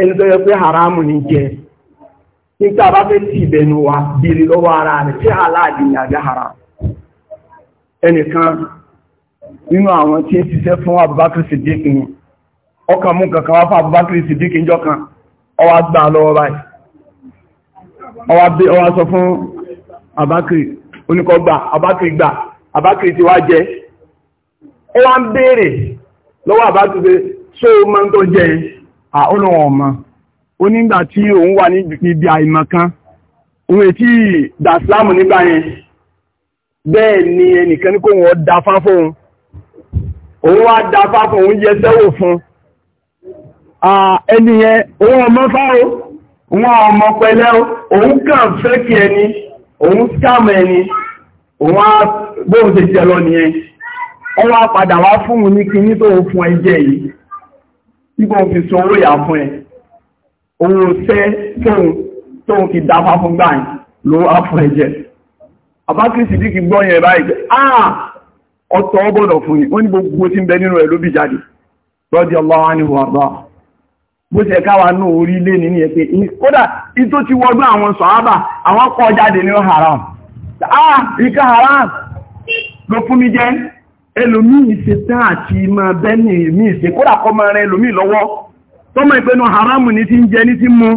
ẹni tó yẹ pé haramu ní nígbà bá fẹ́ ti ìbẹ̀nu wa bìrì lọ́wọ́ ara rẹ̀ tí aláàdì ní àjá haram ẹnìkan nínú àwọn tí ń Abubakar ni ọkàn mú kankan wá fún Abubakar ó wá ń béèrè lọ́wọ́ àbájú pé ṣó o mọ́ tó jẹ́ olóhùn ọmọ ó nígbà tí òun wà níbi àìmọ̀ kan òun ètí dàsílámù nígbà yẹn bẹ́ẹ̀ ni ẹnìkan ní kó wọ́n da fá fóun òun wá da fá fóun òun yẹ sẹ́wò fún ẹni yẹn òun ọmọ fá òun ọmọ pẹ̀lẹ́ òun kàn fẹ́ ẹni òun scam ẹni òun á gbóhùn ṣe lọ nìyẹn ó wá padà wá fún un ní kíní tó fún ẹ jẹ yìí nígbà òfin sọ owó ìyá fún ẹ owó sẹ tóun tóun fi dáfá fún gbà ló wá fún ẹ jẹ àbákìrìsì dìkì gbọ́ yẹn ah ọ̀tọ̀ ọgbọ́dọ̀ fún yìí wọ́n ní gbogbo tí ń bẹ nínú ẹ̀ ló bí jáde lọ́dí ọlọ́wà ní wàbá bó ṣe káwà náà orí ilé nínú ẹ̀ kódà ìtó ti wọ́gbọ́ àwọn sọ̀hábà àwọn kọ́ ní haram ah ìka haram ló fún mi jẹ́ ẹlòmíì ṣe tá àti máa bẹ́ni mí ṣe kó kọ́ máa rẹ ẹlòmíì lọ́wọ́ tọ́mọ ìpẹnu haramu ní ti ń jẹ ní ti mú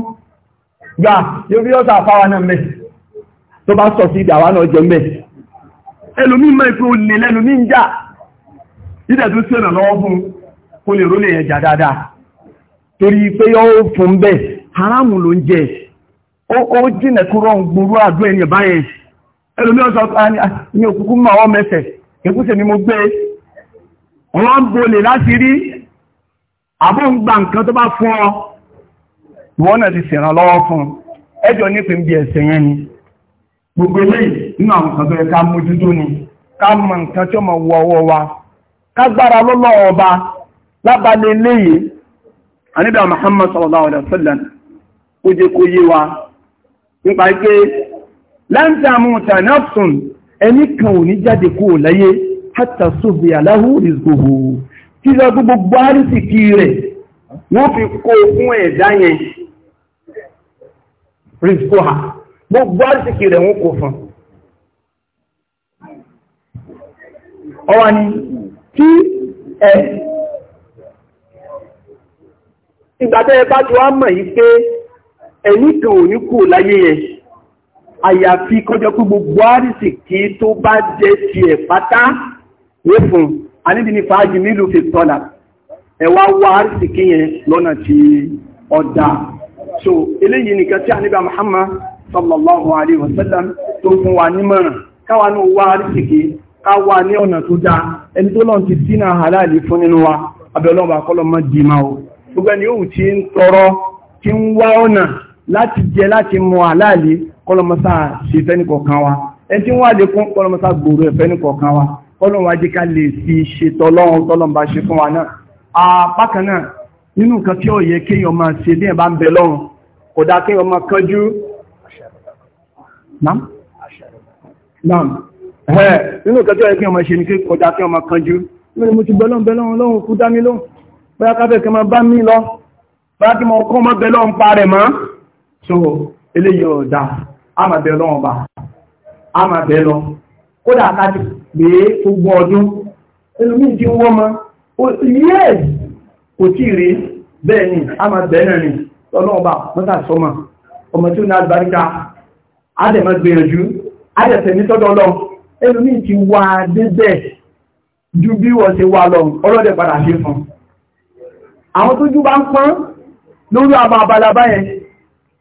gbà yóò fi ọ́sà àfáwà náà mẹ́ tó bá sọ sí ìdàwà náà jẹ mẹ́ ẹlòmíì olè lẹ́lòmíì ń jà ìdẹ̀ tó ọ̀nà lọ́wọ́ fún kó lè rólè ẹ̀jà dáadáa torí pé ó fún haramu ló ń jẹ ó jìnà kúrọ̀ àdúrà ẹni ẹlòmíì ìkúṣe ni mo gbé wọ́n ń bolè láti rí àbó ń gba nǹkan tó bá fún ọ ìwọ́n náà ti ṣèràn lọ́wọ́ fún ẹjọ́ nípin bí ẹ̀sẹ̀ yẹn ni gbogbo eléyìí nínú àwọn nǹkan tó yẹ ká mójútó ni ká mọ nǹkan tí ó mọ wọ ọwọ́ wa ká gbára lọ́lọ́ ọba lábalẹ̀ eléyìí àníbà Muhammad sallallahu alaihi wasallam ó jẹ́ kó yé wa nípa pé lan tamuta nafsun ẹni kan ò ní jáde kúrò láyé hátà sóbi aláhù rìzgòhò tí lọ gbogbo àrísìkí rẹ̀ wọ́n fi kó fún ẹ̀dá yẹn rìzgòhà gbogbo àrísìkí rẹ̀ wọ́n kò fún ọwà ni tí ẹ ìgbàtẹ́ ẹ bá ti wá mọ̀ yí pé ẹni kan ò ní kúrò láyé yẹn àyàfi kọjọ pé gbogbo àrísì kí tó bá jẹ́ ti ẹ̀ pátá wé fún àníbi ní fàájì nílùú fi tọ́lá ẹ̀wà wá àrísì kí yẹn lọ́nà ti ọ̀dà so eléyìí nìkan tí àníbà Muhammad sallallahu alaihi wasallam tó fún wa nímọ̀ràn káwa ní àrísì kí ní ọ̀nà tó ẹni tó lọ́n ti sínà fún nínú wa abẹ́ọlọ́ba di ti kọlọmọsá ṣe fẹ́nìkọ̀ọ̀kan wa ẹni tí wọ́n á lè fún kọlọmọsá gbòòrò ẹ̀ fẹ́nìkọ̀ọ̀kan wa kọlọmọ ajé ká lè fi ṣètò ọlọ́run tọ́lọ́run bá ṣe fún wa náà àbákan náà nínú nǹkan tí ó yẹ kéèyàn máa ṣe bí ẹ̀ bá ń bẹ lọ́run kò dá kéèyàn máa kánjú nínú nǹkan tí so eléyìí ọ̀dà àmàbẹ̀ lọ́wọ́n bá àmàbẹ̀ lọ kódà láti pé ogún ọdún ẹlùmí ti wọ́n ma yẹ́ kò tí rí bẹ́ẹ̀ ni àmàbẹ̀ náà ni lọ́wọ́n bá mọ́ta sọmọ ọmọ tí ó ní àgbàríkà àdẹ̀mọ́ gbìyànjú àdẹ̀tẹ̀ ní tọ́dọ̀ lọ ẹlùmí ti wà débẹ̀ ju bí wọ́n ṣe wà lọ ọlọ́dẹ̀ padà ṣe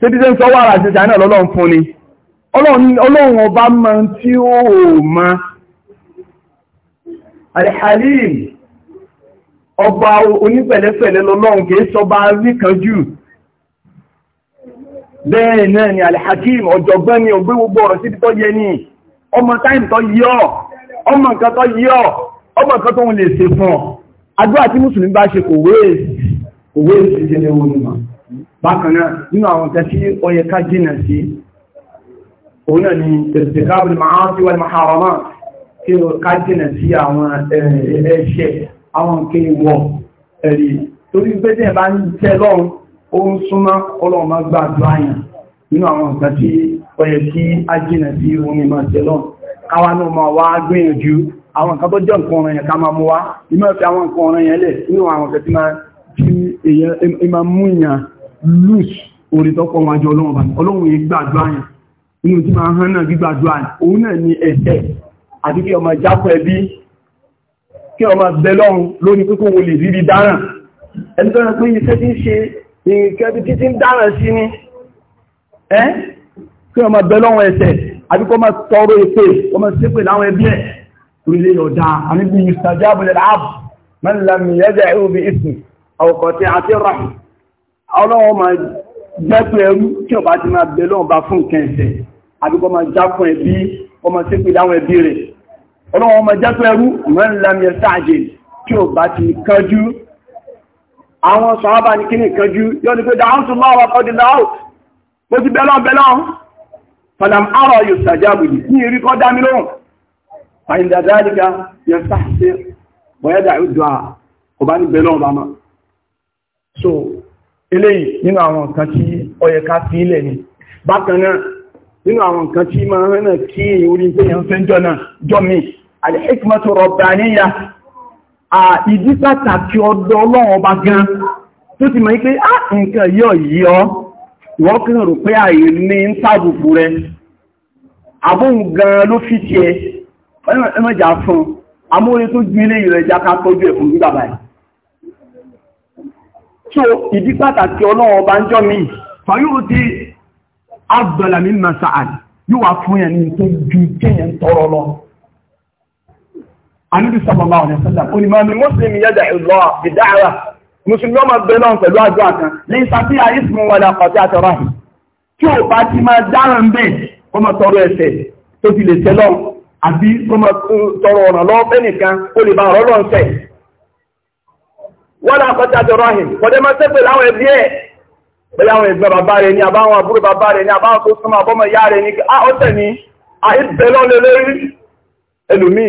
ṣe tí ṣe ń sọ wà àti ìṣàní ọlọ́run fún ni ọlọ́run ọba mọ́ tí ó mọ́ alhalim ọba onípẹ̀lẹ́pẹ̀lẹ́ lọ́lọ́run kìí sọba rí kan jù bẹ́ẹ̀ náà ni alhakim ọ̀jọ̀gbọ́n ni ògbé gbogbo ọ̀rọ̀ sí tó yẹ ni ọmọ táìmù tó yẹ ọ́ ọmọ nǹkan tó yẹ ọ́ ọmọ nǹkan tó ń lè ṣe bákanáà nínú àwọn tẹ́ sí ọyẹ ká jìnà sí òun náà ni tẹ̀sẹ̀káàbù ma'áàtí wal maharama kí o ká jìnà sí àwọn eh, ẹ̀ẹ́ṣẹ́ àwọn kí wọ ẹ̀rí torí pé tẹ́ bá ń tẹ́ lọ́n ó ń súnmọ́ ọlọ́ọ̀mọ́ gbà dráyàn nínú àwọn nǹkan tí ọyẹ kí a jìnà sí òun ìmọ̀ tẹ́ lọ́n káwa náà máa wá lose orí tọ́pọ̀ wọn jọ ọlọ́run báyìí ọlọ́run yìí gbàdúrà yẹn inú tí máa hàn náà gbígbàdúrà yẹn òun náà ni ẹ̀ṣẹ̀ àti kí ọmọ jápọ̀ ẹbí kí ọmọ bẹlọ́run lórí pípò wo lè rírí dáràn ẹni tó rẹ pé iṣẹ́ tí ń ṣe ìrìnkẹ́bí tí ti ń dáràn sí ni ẹ́ kí ọmọ bẹlọ́run ẹ̀ṣẹ̀ àbí kọ́ máa ọlọ́wọ́ máa jẹ́ pé ẹrú tí ọba ti máa bẹ̀ lọ́wọ́ bá fún nǹkan ẹ̀ṣẹ̀ àbíkọ́ máa jákùn ẹbí ọmọ sí pé láwọn ẹbí rẹ̀ ọlọ́wọ́ máa jẹ́ pé ẹrú mẹ́rin lámìẹ sáàjẹ̀ tí ọba ti kánjú àwọn sọ̀rọ̀bà ní kí ní kánjú yọ́ ni pé dáhùn tún láwọ́ ọdí láwọ́ mo ti bẹ̀lọ́ bẹ̀lọ́ fàdàm àrọ̀ yóò sàjábùdì ní ìrí kọ́ dámi lóhùn fàyíndàdáríga yóò sáàṣẹ́ bọ̀yẹ́dà ìdọ́ Eleyi nínú àwọn nǹkan tí ó ilẹ̀ ni bákan náà nínú àwọn nǹkan tí ma ń kí orí pé yẹn fẹ́ jọ náà jọ mi al-hikmatu rabbaniyya à ìdí pàtàkì Ọlọ́run ọba gan tó ti mọ̀ pé á ah, nǹkan yọ yìí ọ pé so ìdí pàtàkì ọlọ́run ọba ń jọ mi fàyọ̀ ti abdọ́là mi máa sàárì yóò wá fún yẹn ní tó ju kéèyàn tọrọ lọ anábì sallallahu alaihi wasallam onímọ̀ mi mùsùlùmí yẹ́dà ìlọ́ ìdára mùsùlùmí ọmọ bẹ́ẹ̀ náà pẹ̀lú àjọ àkàn lè sàfihà ismu wàlà pàtí àtọ̀rọ̀ yìí tí ò bá ti máa dáràn bẹ́ẹ̀ ọmọ tọrọ ẹ̀ṣẹ̀ tó ti lè tẹ́lọ́ àbí ọmọ tọrọ ọ̀nà lọ́wọ́ fẹ́nìkan ó lè bá ọ̀rọ̀ lọ́nṣẹ̀ wọ́n náà kọjá jọ rọ́hìn kọjá máa ṣépè láwọn ẹbí ẹ̀ pẹ̀lú àwọn ẹgbẹ́ bàbá rẹ̀ ní àbáwọn àbúrò bàbá rẹ̀ ní àbáwọn tó súnmọ́ àbọ́mọ̀ ìyá rẹ̀ ní ọ̀tẹ̀ ah, ní àìbẹ̀lọ́ ah, lélẹ́rí ẹlòmíì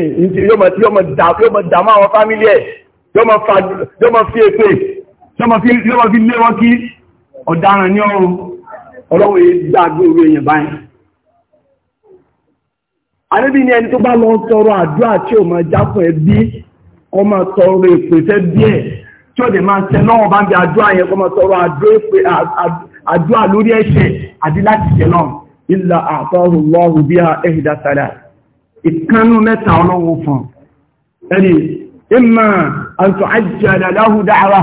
yóò mọ̀ dàmọ́ àwọn fámílì ẹ̀ yóò mọ̀ fi èpè yóò mọ̀ fi lé wọn kí ọ̀daràn ní ọrùn ọlọ́wọ́ ìdágbé orí èèyàn báyìí àníbí ni ẹni tó bá lọ tọrọ àdúrà tí ò mọ̀ jáfún ẹbí ọmọ tọrọ ìpèsẹ́ díẹ̀ tí ó dẹ̀ máa tẹ náà bá ń bí àdúrà yẹn kọmọ tọrọ àdúrà lórí ẹ̀ṣẹ̀ àti láti tẹ náà ilẹ̀ àtọ́rù lọ́rù bí ẹ̀hìdá sára ìkánú mẹ́ta ọlọ́wọ́ fún ẹni ìmọ̀ àtọ́ àjẹ́dà láhù dára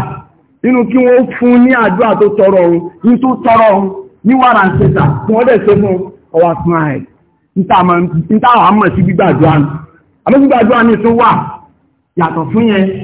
nínú kí wọ́n fún ní àdúrà tó tọrọ ohun ní tó tọrọ ohun ní wàrà ń sẹ́ta fún ọdẹ̀ ṣe fún ọwà fún ààrẹ nítawà mọ̀ sí gbígbàdúrà ní àmọ́ gbígbàdúrà ní tó wà yàtọ̀ fún yẹn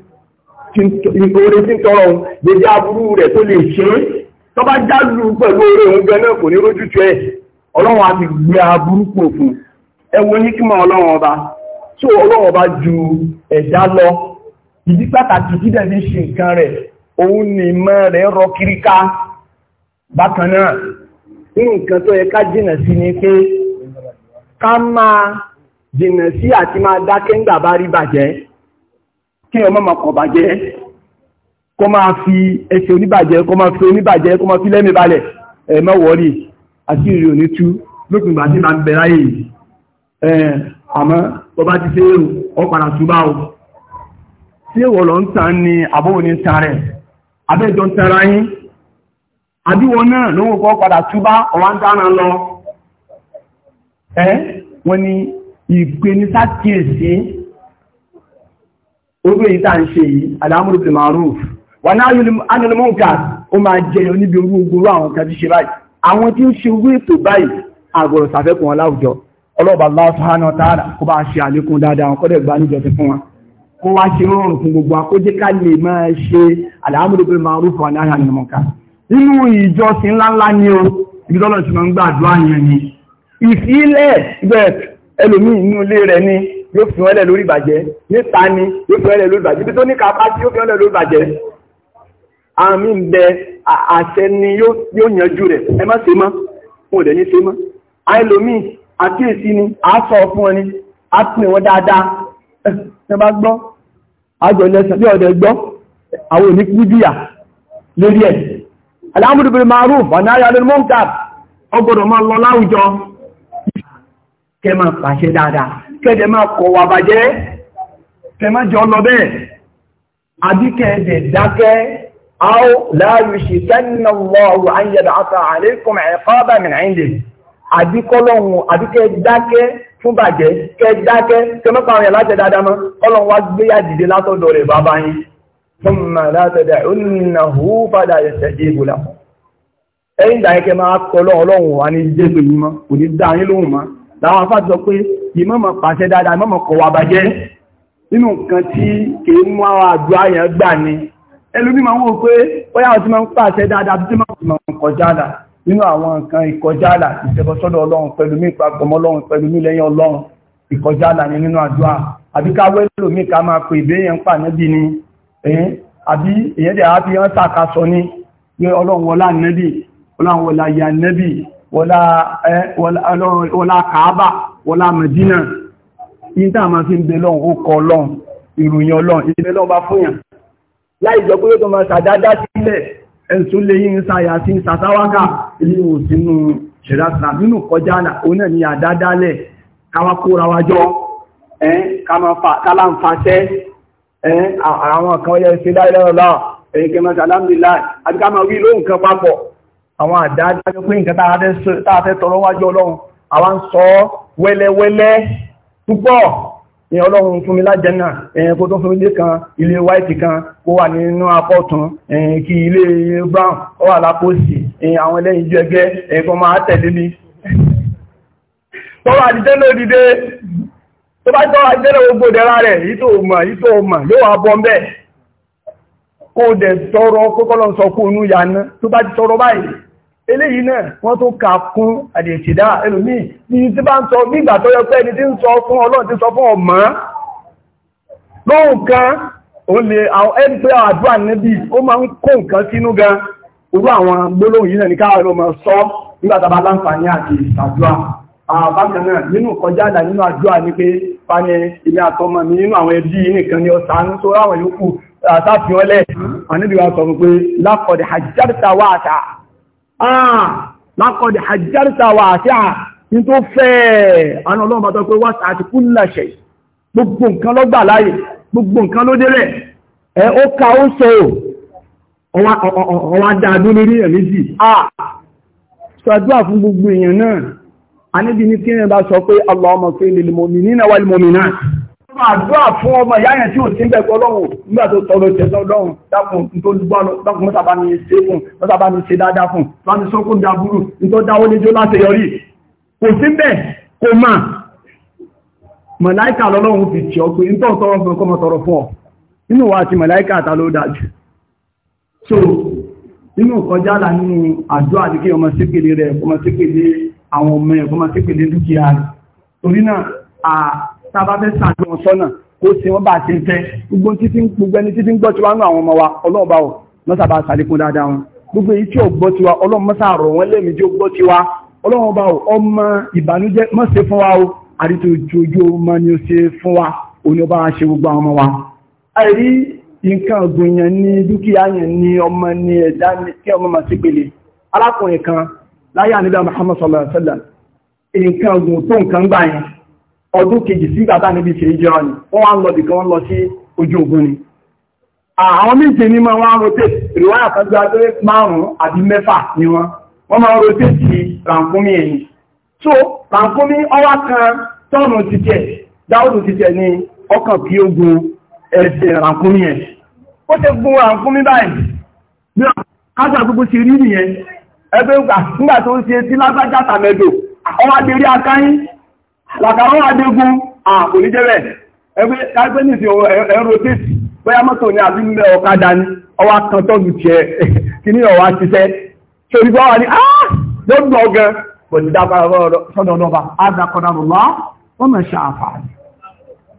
oore tí ń tọrọ òun gbèdé aburú rẹ̀ tó lè ṣe é tó bá jálù pẹ̀lú oore òun gan náà kò ní rójú tu ẹ̀ ọlọ́run àti gbé aburú pò fún ẹwọ hikima ọlọ́run ọba tí ọlọ́run ọba ju ẹ̀dá lọ ìdí pàtàkì dídẹ̀ ní ṣe nǹkan rẹ̀ òun ni mọ́ rẹ̀ rọ kíríká bákan náà nínú nǹkan tó yẹ ká jìnà sí ni pé ká máa jìnà sí àti máa dákẹ́ ń gbà bá rí bàjẹ́ kí ọmọ ma kọ̀ bàjẹ́ kó máa fi ẹsẹ̀ oníbàjẹ́ kó máa fi oníbàjẹ́ kó máa fi lẹ́mí balẹ̀ ẹ̀mọ́ wọ́rí àti ìrì òní tú lópin ìgbà tí máa ń bẹ̀rẹ̀ yìí àmọ́ tó bá ti ṣe èrò ọpàdà túbá o tí èwọ̀ lọ ń ta ní àbóhò ní ta rẹ̀ abẹ́jọ ń tara yín àbíwọ náà lówó kọ́ padà túbá ọwá ń dára lọ ogun yìí tá ń ṣe yìí aláàmúrù bí maruf wà náà anìlmọ́ǹkà ó máa jẹyọ níbi orú ogoro àwọn kan tí ṣe báyìí àwọn tí ó ṣe owó ètò báyìí àgọ̀rọ̀ sàfẹ́kùn wọn láwùjọ ọlọ́ọ̀bà láàfáànà tààrà kó bá ṣe àlékún dáadáa wọn kọ́dẹ̀ gbá níjọ ti fún wọn kó wá maruf wà náà anìlmọ́ǹkà nínú ìjọsìn ńláńlá ni o ibi tọ́lọ̀ ti máa ń gbàdúrà yẹn ni ìfilẹ̀ bẹ́ẹ̀ ẹlòmíì yóò fi wọ́n lẹ̀ lórí ìbàjẹ́ níta ni yóò fi wọ́n lẹ̀ lórí ìbàjẹ́ ibi tó ní kápá tí yóò fi wọ́n lẹ̀ lórí ìbàjẹ́ àmì ń bẹ àṣẹ ni yóò yanjú rẹ̀ ẹ má ṣe mọ́ fún òdẹ̀ ní ṣe mọ́ àìlòmí àkíyèsí ni a sọ fún ẹni a pè wọn dáadáa ẹ bá gbọ́ àjọ lẹ́sẹ̀ bí ọ̀dẹ̀ gbọ́ àwọn òní kúdíyà lórí ẹ̀ aláàmùdùbìrì márùn wà náà yàlẹ́ mọ́ǹkà ọgbọ̀dọ̀ máa lọ láwùjọ kẹ máa pàṣẹ dáadáa kẹ́dẹ̀ máa kọ̀ wà bàjẹ́ kẹmájọ́ lọ bẹ́ẹ̀ àbí kẹ́ẹ̀dẹ̀ dákẹ́ aw la yushitanna Allahu an yab'atha alaykum 'iqaban min 'indihi àbí kọ́lọ́hun àbí kẹ́ dákẹ́ fún bàjẹ́ kẹ́ dákẹ́ kẹ́mọ́pàá rẹ̀ láti dáadáa mọ́ ọlọ́run wá gbé yàdìdé látọ̀dọ̀ máa kọ́lọ́ ọlọ́run wà ní jẹ́ pẹ̀lú mọ́ kò ní dáa lóhùn mọ́ láwọn afá sọ pé ìmọ́mọ̀ pàṣẹ dáadáa ìmọ́mọ̀ kọ̀ wà bàjẹ́ nínú nǹkan tí kì í mú àwọn àjò àyàn gbà ni ẹlòmí máa ń wò pé bóyá ọtí máa ń pàṣẹ dáadáa bí máa ń mọ̀ kọjáàlà nínú àwọn nǹkan ìkọjáàlà ni nínú àdúrà àbí káwẹ́ lòmí ká máa pè ìbéèyàn pà níbi ni àbí èyàn dẹ̀ á fi hàn sàkásọ ní ọlọ́run wọlá nẹ́bì ọlọ́run wọlá wọlá kàábà wọlá mẹ̀dínà ìntà máa fi ń bẹ lọ́n ó kọ lọ́n ìròyìn ọlọ́n ìbẹ̀ lọ́n bá fúnyàn láì jọ pé tó máa sàdádá sílẹ̀ ẹ̀sùn lè yí ń sáyà sí sàtáwákà ilé òsínú ṣẹ̀dásìlá nínú kọjá ọ̀nà ni àdádálẹ̀ káwà kóra wájọ́ kálàǹfàṣẹ́ àwọn kan àwọn àdájọ́ pé nǹkan tààfẹ́ tọrọ wájú ọlọ́run àwọn sọ wẹ́lẹ́wẹ́lẹ́ púpọ̀ ìyẹn ọlọ́run fún mi lájẹ́nà ẹ̀yẹn kó tó fún ilé kan ilé white kan kó wà nínú apọ́tún ẹ̀yìn kí ilé brown ó wà lápòsì ẹ̀yìn àwọn ẹlẹ́yìn jẹ́ ẹgẹ́ ẹ̀kọ́ máa tẹ̀lé mi tọ́wà àdìjẹ́ ló dìde tó bá tọ́wà àdìjẹ́ lọ gbogbo ìdẹ́ra rẹ̀ ìtò mọ̀ ìtò mọ̀ ló wà bọ́ mbẹ́ kó dẹ̀ tọrọ kókọ́lọ́ sọ kó tó bá ti tọrọ báyìí eléyìí náà wọ́n tún kà kún àdìẹ̀tìdá ẹlòmí ní tí bá ń sọ nígbà tó yọ pé ẹni tí ń sọ fún ọlọ́run ti sọ fún ọmọ lóhùn kan òun lè ẹni pé àdúrà níbi ó máa ń kó nǹkan sínú gan orú àwọn gbólóhùn yìí náà ní káwọn ọmọ sọ nígbà tá a bá láǹfààní àti àdúrà bákan náà nínú kọjá àdá nínú àdúrà ní pé ah lákọ̀dì hajjarta wà àti à ní tó fẹ́ àánà ọlọ́run bàtọ́ pé wáṣà àti kúlẹ̀ṣẹ̀ gbogbo nǹkan ló gbà láyè gbogbo nǹkan ló délẹ̀ ẹ ó ka ó sọ ọwá dáadó lórí ẹ̀ méjì ah ṣàdúrà fún gbogbo èèyàn náà a níbi ní kí àdúrà fún ọmọ ìyá yẹn tí ò sí bẹ̀gbọ́ lọ́wọ́ nígbà tó tọrọ ìtẹ̀sọ́ lọ́run dákùn tó gbọ́ lọ́kùn mọ́sàbá ní ṣe fún mọ́sàbá ní ṣe dáadáa fún láti sọ́kún dábúrú tó dáwó léjó láti yọrí kò sí bẹ̀ kò máa mọ̀láíkà lọ́lọ́run fi tí ọ pé ń tọ́ tọrọ fún ọkọ́ mọ́tọrọ fún ọ nínú wa ti mọ̀láíkà ta ló dájú so nínú kọjá là nínú àdúrà ní kí ọmọ sípele rẹ̀ ọmọ sípele àwọn ọmọ ẹ̀ ọmọ sípele dúkìá rẹ̀ torí náà tàbá fẹ́ sàgbé wọn sọ́nà kó sí wọ́n bá ti ń fẹ́ gbogbo ẹni títí ń gbọ́ tí wá nù àwọn ọmọ wa ọlọ́run bá wọ̀ mọ́sàbá sàlékún dáadáa wọn gbogbo èyí tí ó gbọ́ tiwa ọlọ́run mọ́sà rọ̀ wọ́n lẹ́mí tí ó gbọ́ tiwa ọlọ́run bá ọmọ ìbànújẹ́ wa o àrítò ojú ni ó ṣe fún wa òní ọba ṣe gbogbo àwọn ọmọ wa àìrí nǹkan ọ̀gbìnyàn ní dúkìá yẹn ní ọmọ ní ẹ̀dá tó nǹkan gbà yẹn ọdún kejì sí ìgbàtà níbi ṣe ìjọ ni wọ́n wá ń lọ bìkan wọ́n lọ sí ojú ogun ni àwọn méje ní ma wọ́n rotate ìrìwáyà kan gbá márùn-ún àbí mẹ́fà ni wọ́n wọ́n máa rotate sí ràǹkúnmí ẹ̀yìn so ràǹkúnmí ọwá kan tọ́ọ̀nù títẹ̀ dáwọ́dù títẹ̀ ní ọkàn kí ogun ẹ̀sẹ̀ ràǹkúnmí ẹ̀ ó ṣe gun ràǹkúnmí báyìí bí kásà gbogbo ṣe rí nìyẹn ẹgbẹ́ nígbà tó ń ṣe tí lágbájá tàmẹ́dò ọwá dé làkàrọ̀ adégún àpò ní jẹ́rẹ̀ ẹgbẹ́ kágbẹ́ ní ìsìn ẹ̀rọ tèsì bóyá mọ́tò ní àbí mẹ́ ọ̀kadà ní ọwá kan tọ́gù tí ẹ *laughs* kí ní ọwá ṣiṣẹ́ torí bá wà ní ààbò ọgán pẹ̀lú dábàá sọ́dọ̀ ọlọ́ba ádàkọ̀dàrùlá wọ́n mẹ́ ṣàfààní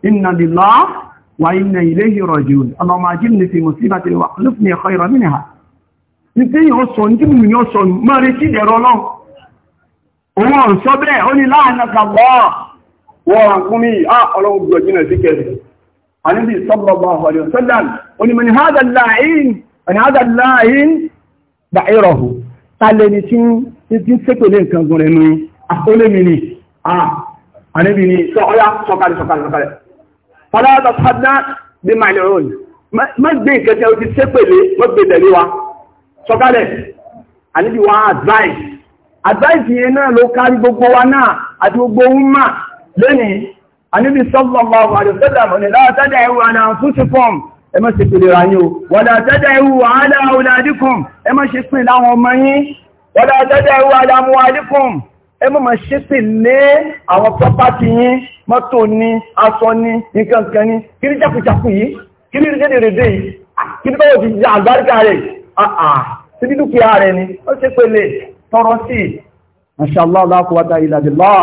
inna lillahi wa inna ilayhi raji'un allahumma ajirni fi musibati wa akhlifni khayran minha ní tí yóò sọ ní tí mú ní ó sọ mọ́rin kí ìdẹ̀rọ ọlọ́run òun ọ̀sọ́ bẹ́ẹ̀ ó ní láàánà kàlọ́ọ̀ wọ́n rà fún mi á ah, ọlọ́run gbọ́ jìnà sí kẹrì àníbi sallallahu alaihi wasallam oní mọ̀ ní hádà láàáyín bá ìrọ̀hù tàlẹ̀ ní tí ń sépè lé nǹkan gùn rẹ̀nu àkólẹ́mì ah, ni ah, má gbé ìkẹtẹ́ o ti sépè lé wọ́n gbé tẹ̀lé wa sọ́kàlẹ̀ àníbi wa advice advice yẹn náà ló kárí gbogbo wa náà àti gbogbo ń máa lónìí anábì sallallahu alaihi wasallam ní la tad'u ala anfusikum ẹ má ṣe pèlè ráyí o wala tad'u ala auladikum ẹ má ṣe pè láwọn ọmọ yín wala tad'u ala amwalikum ẹ má má ṣe pè lé àwọn pọ́pátì yín mọ́tò ní aṣọ ní nǹkan kan ní kí ní jákùjákù yìí kí ní rédèrèdè yìí ah, kí ní báwọ̀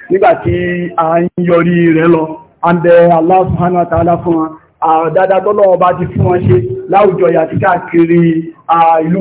nígbàtí a ń yọrí rẹ̀ lọ àbẹ̀ Allah subhanahu wa ta'ala fún wọn àdádátọ́lọ́ ọba ti fún wọn ṣe láwùjọ yàtí káàkiri ìlú